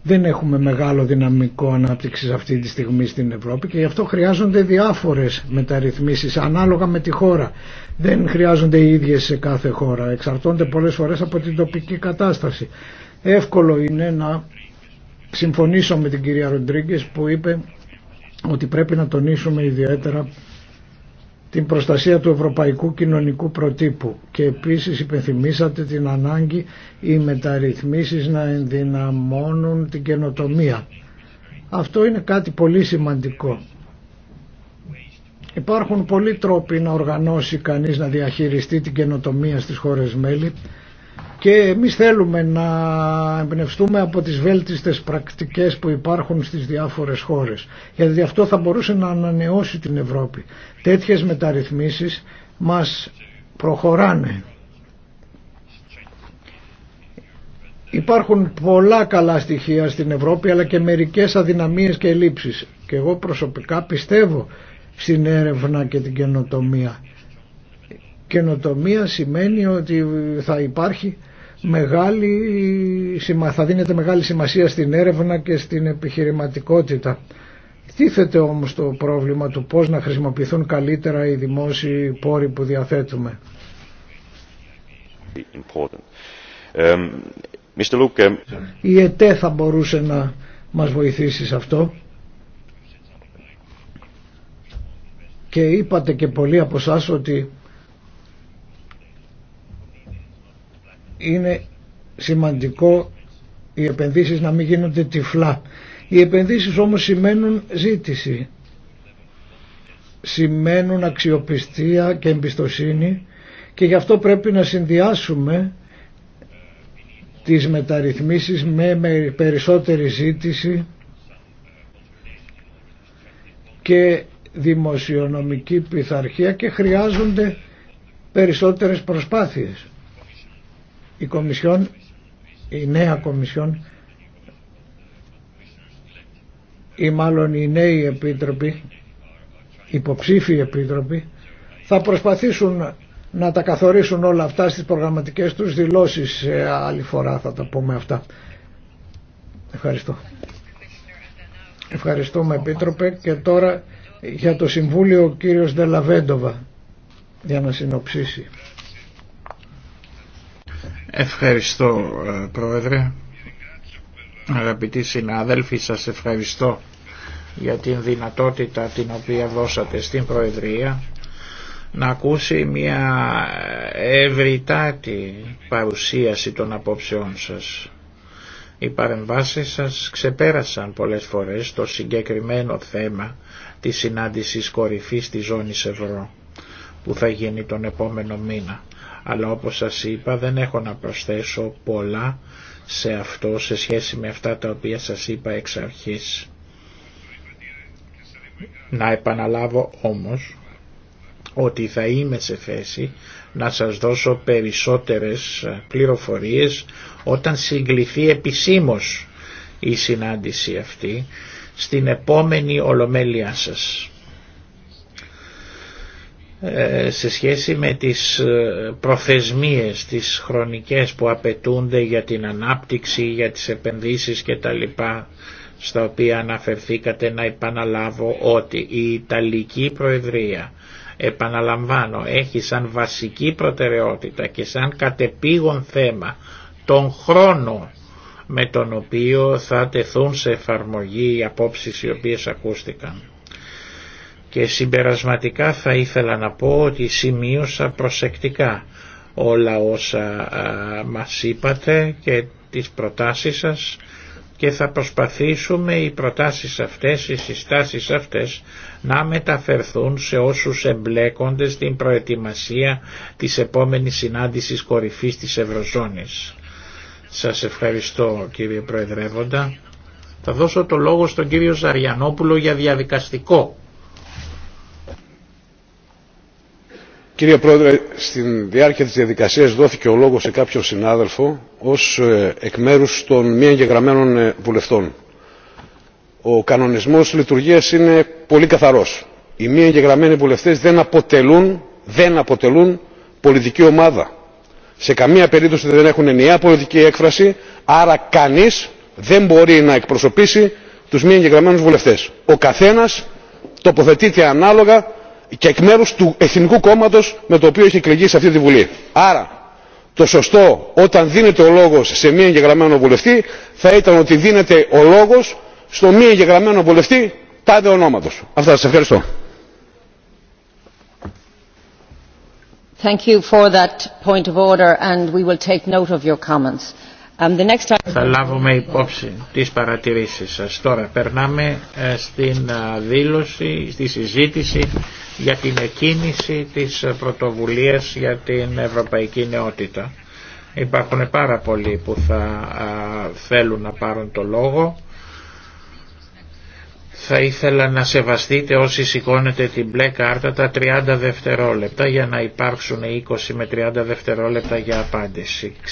Δεν έχουμε μεγάλο δυναμικό ανάπτυξης αυτή τη στιγμή στην Ευρώπη και γι' αυτό χρειάζονται διάφορες μεταρρυθμίσεις ανάλογα με τη χώρα. Δεν χρειάζονται οι ίδιες σε κάθε χώρα. Εξαρτώνται πολλές φορές από την τοπική κατάσταση. Εύκολο είναι να συμφωνήσω με την κυρία Ροντρίγκε που είπε ότι πρέπει να τονίσουμε ιδιαίτερα την προστασία του ευρωπαϊκού κοινωνικού προτύπου και επίσης υπενθυμίσατε την ανάγκη οι μεταρρυθμίσεις να ενδυναμώνουν την καινοτομία. Αυτό είναι κάτι πολύ σημαντικό. Υπάρχουν πολλοί τρόποι να οργανώσει κανείς να διαχειριστεί την καινοτομία στις χώρες μέλη και εμείς θέλουμε να εμπνευστούμε από τις βέλτιστες πρακτικές που υπάρχουν στις διάφορες χώρες γιατί αυτό θα μπορούσε να ανανεώσει την Ευρώπη. Τέτοιες μεταρρυθμίσεις μας προχωράνε. Υπάρχουν πολλά καλά στοιχεία στην Ευρώπη αλλά και μερικές αδυναμίες και ελλείψεις και εγώ προσωπικά πιστεύω στην έρευνα και την καινοτομία. Καινοτομία σημαίνει ότι θα υπάρχει μεγάλη, θα δίνεται μεγάλη σημασία στην έρευνα και στην επιχειρηματικότητα. Τίθεται όμως το πρόβλημα του πώς να χρησιμοποιηθούν καλύτερα οι δημόσιοι πόροι που διαθέτουμε. Um, um, Η ΕΤΕ θα μπορούσε να μας βοηθήσει σε αυτό. Και είπατε και πολλοί από εσά ότι είναι σημαντικό οι επενδύσεις να μην γίνονται τυφλά. Οι επενδύσεις όμως σημαίνουν ζήτηση, σημαίνουν αξιοπιστία και εμπιστοσύνη και γι' αυτό πρέπει να συνδυάσουμε τις μεταρρυθμίσεις με περισσότερη ζήτηση και δημοσιονομική πειθαρχία και χρειάζονται περισσότερες προσπάθειες. Η Κομισιόν, η νέα Κομισιόν ή μάλλον οι νέοι επίτροποι, υποψήφοι επίτροποι, θα προσπαθήσουν να τα καθορίσουν όλα αυτά στις προγραμματικές τους δηλώσεις. Σε άλλη φορά θα τα πούμε αυτά. Ευχαριστώ. Ευχαριστούμε Επίτροπε και τώρα για το Συμβούλιο ο κύριος Δελαβέντοβα για να συνοψίσει. Ευχαριστώ ε, Πρόεδρε. Αγαπητοί συνάδελφοι, σας ευχαριστώ για την δυνατότητα την οποία δώσατε στην Προεδρία να ακούσει μια ευρυτάτη παρουσίαση των απόψεών σας. Οι παρεμβάσεις σας ξεπέρασαν πολλές φορές το συγκεκριμένο θέμα της συνάντησης κορυφής της ζώνης ευρώ που θα γίνει τον επόμενο μήνα αλλά όπως σας είπα δεν έχω να προσθέσω πολλά σε αυτό σε σχέση με αυτά τα οποία σας είπα εξ αρχής. Να επαναλάβω όμως ότι θα είμαι σε θέση να σας δώσω περισσότερες πληροφορίες όταν συγκληθεί επισήμως η συνάντηση αυτή στην επόμενη ολομέλειά σας. Ε, σε σχέση με τις ε, προθεσμίες, τις χρονικές που απαιτούνται για την ανάπτυξη, για τις επενδύσεις και τα λοιπά, στα οποία αναφερθήκατε να επαναλάβω ότι η Ιταλική Προεδρία, επαναλαμβάνω, έχει σαν βασική προτεραιότητα και σαν κατεπήγον θέμα τον χρόνο με τον οποίο θα τεθούν σε εφαρμογή οι απόψεις οι οποίες ακούστηκαν. Και συμπερασματικά θα ήθελα να πω ότι σημείωσα προσεκτικά όλα όσα μας είπατε και τις προτάσεις σας και θα προσπαθήσουμε οι προτάσεις αυτές, οι συστάσεις αυτές να μεταφερθούν σε όσους εμπλέκονται στην προετοιμασία της επόμενης συνάντησης κορυφής της Ευρωζώνης. Σας ευχαριστώ κύριε Προεδρεύοντα. Θα δώσω το λόγο στον κύριο Ζαριανόπουλο για διαδικαστικό. Κύριε Πρόεδρε, στην διάρκεια της διαδικασίας δόθηκε ο λόγος σε κάποιον συνάδελφο ως ε, εκ μέρους των μη εγγεγραμμένων ε, βουλευτών. Ο κανονισμός λειτουργίας είναι πολύ καθαρός. Οι μη εγγεγραμμένοι βουλευτές δεν αποτελούν, δεν αποτελούν πολιτική ομάδα. Σε καμία περίπτωση δεν έχουν ενιαία πολιτική έκφραση, άρα κανείς δεν μπορεί να εκπροσωπήσει τους μη εγγεγραμμένους βουλευτές. Ο καθένας τοποθετείται ανάλογα και εκ μέρου του εθνικού κόμματο με το οποίο έχει εκλεγεί σε αυτή τη Βουλή. Άρα το σωστό όταν δίνεται ο λόγος σε μία εγγεγραμμένο βουλευτή θα ήταν ότι δίνεται ο λόγος στο μία εγγεγραμμένο βουλευτή τάδε ονόματο. Αυτά σας ευχαριστώ. Thank you for that point of order and we will take note of your comments. Um, θα λάβουμε υπόψη τις παρατηρήσεις σας. Τώρα περνάμε ε, στην ε, δήλωση, στη συζήτηση για την εκκίνηση της πρωτοβουλίας για την Ευρωπαϊκή Νεότητα. Υπάρχουν πάρα πολλοί που θα ε, θέλουν να πάρουν το λόγο. Θα ήθελα να σεβαστείτε όσοι σηκώνετε την μπλε κάρτα τα 30 δευτερόλεπτα για να υπάρξουν 20 με 30 δευτερόλεπτα για απάντηση.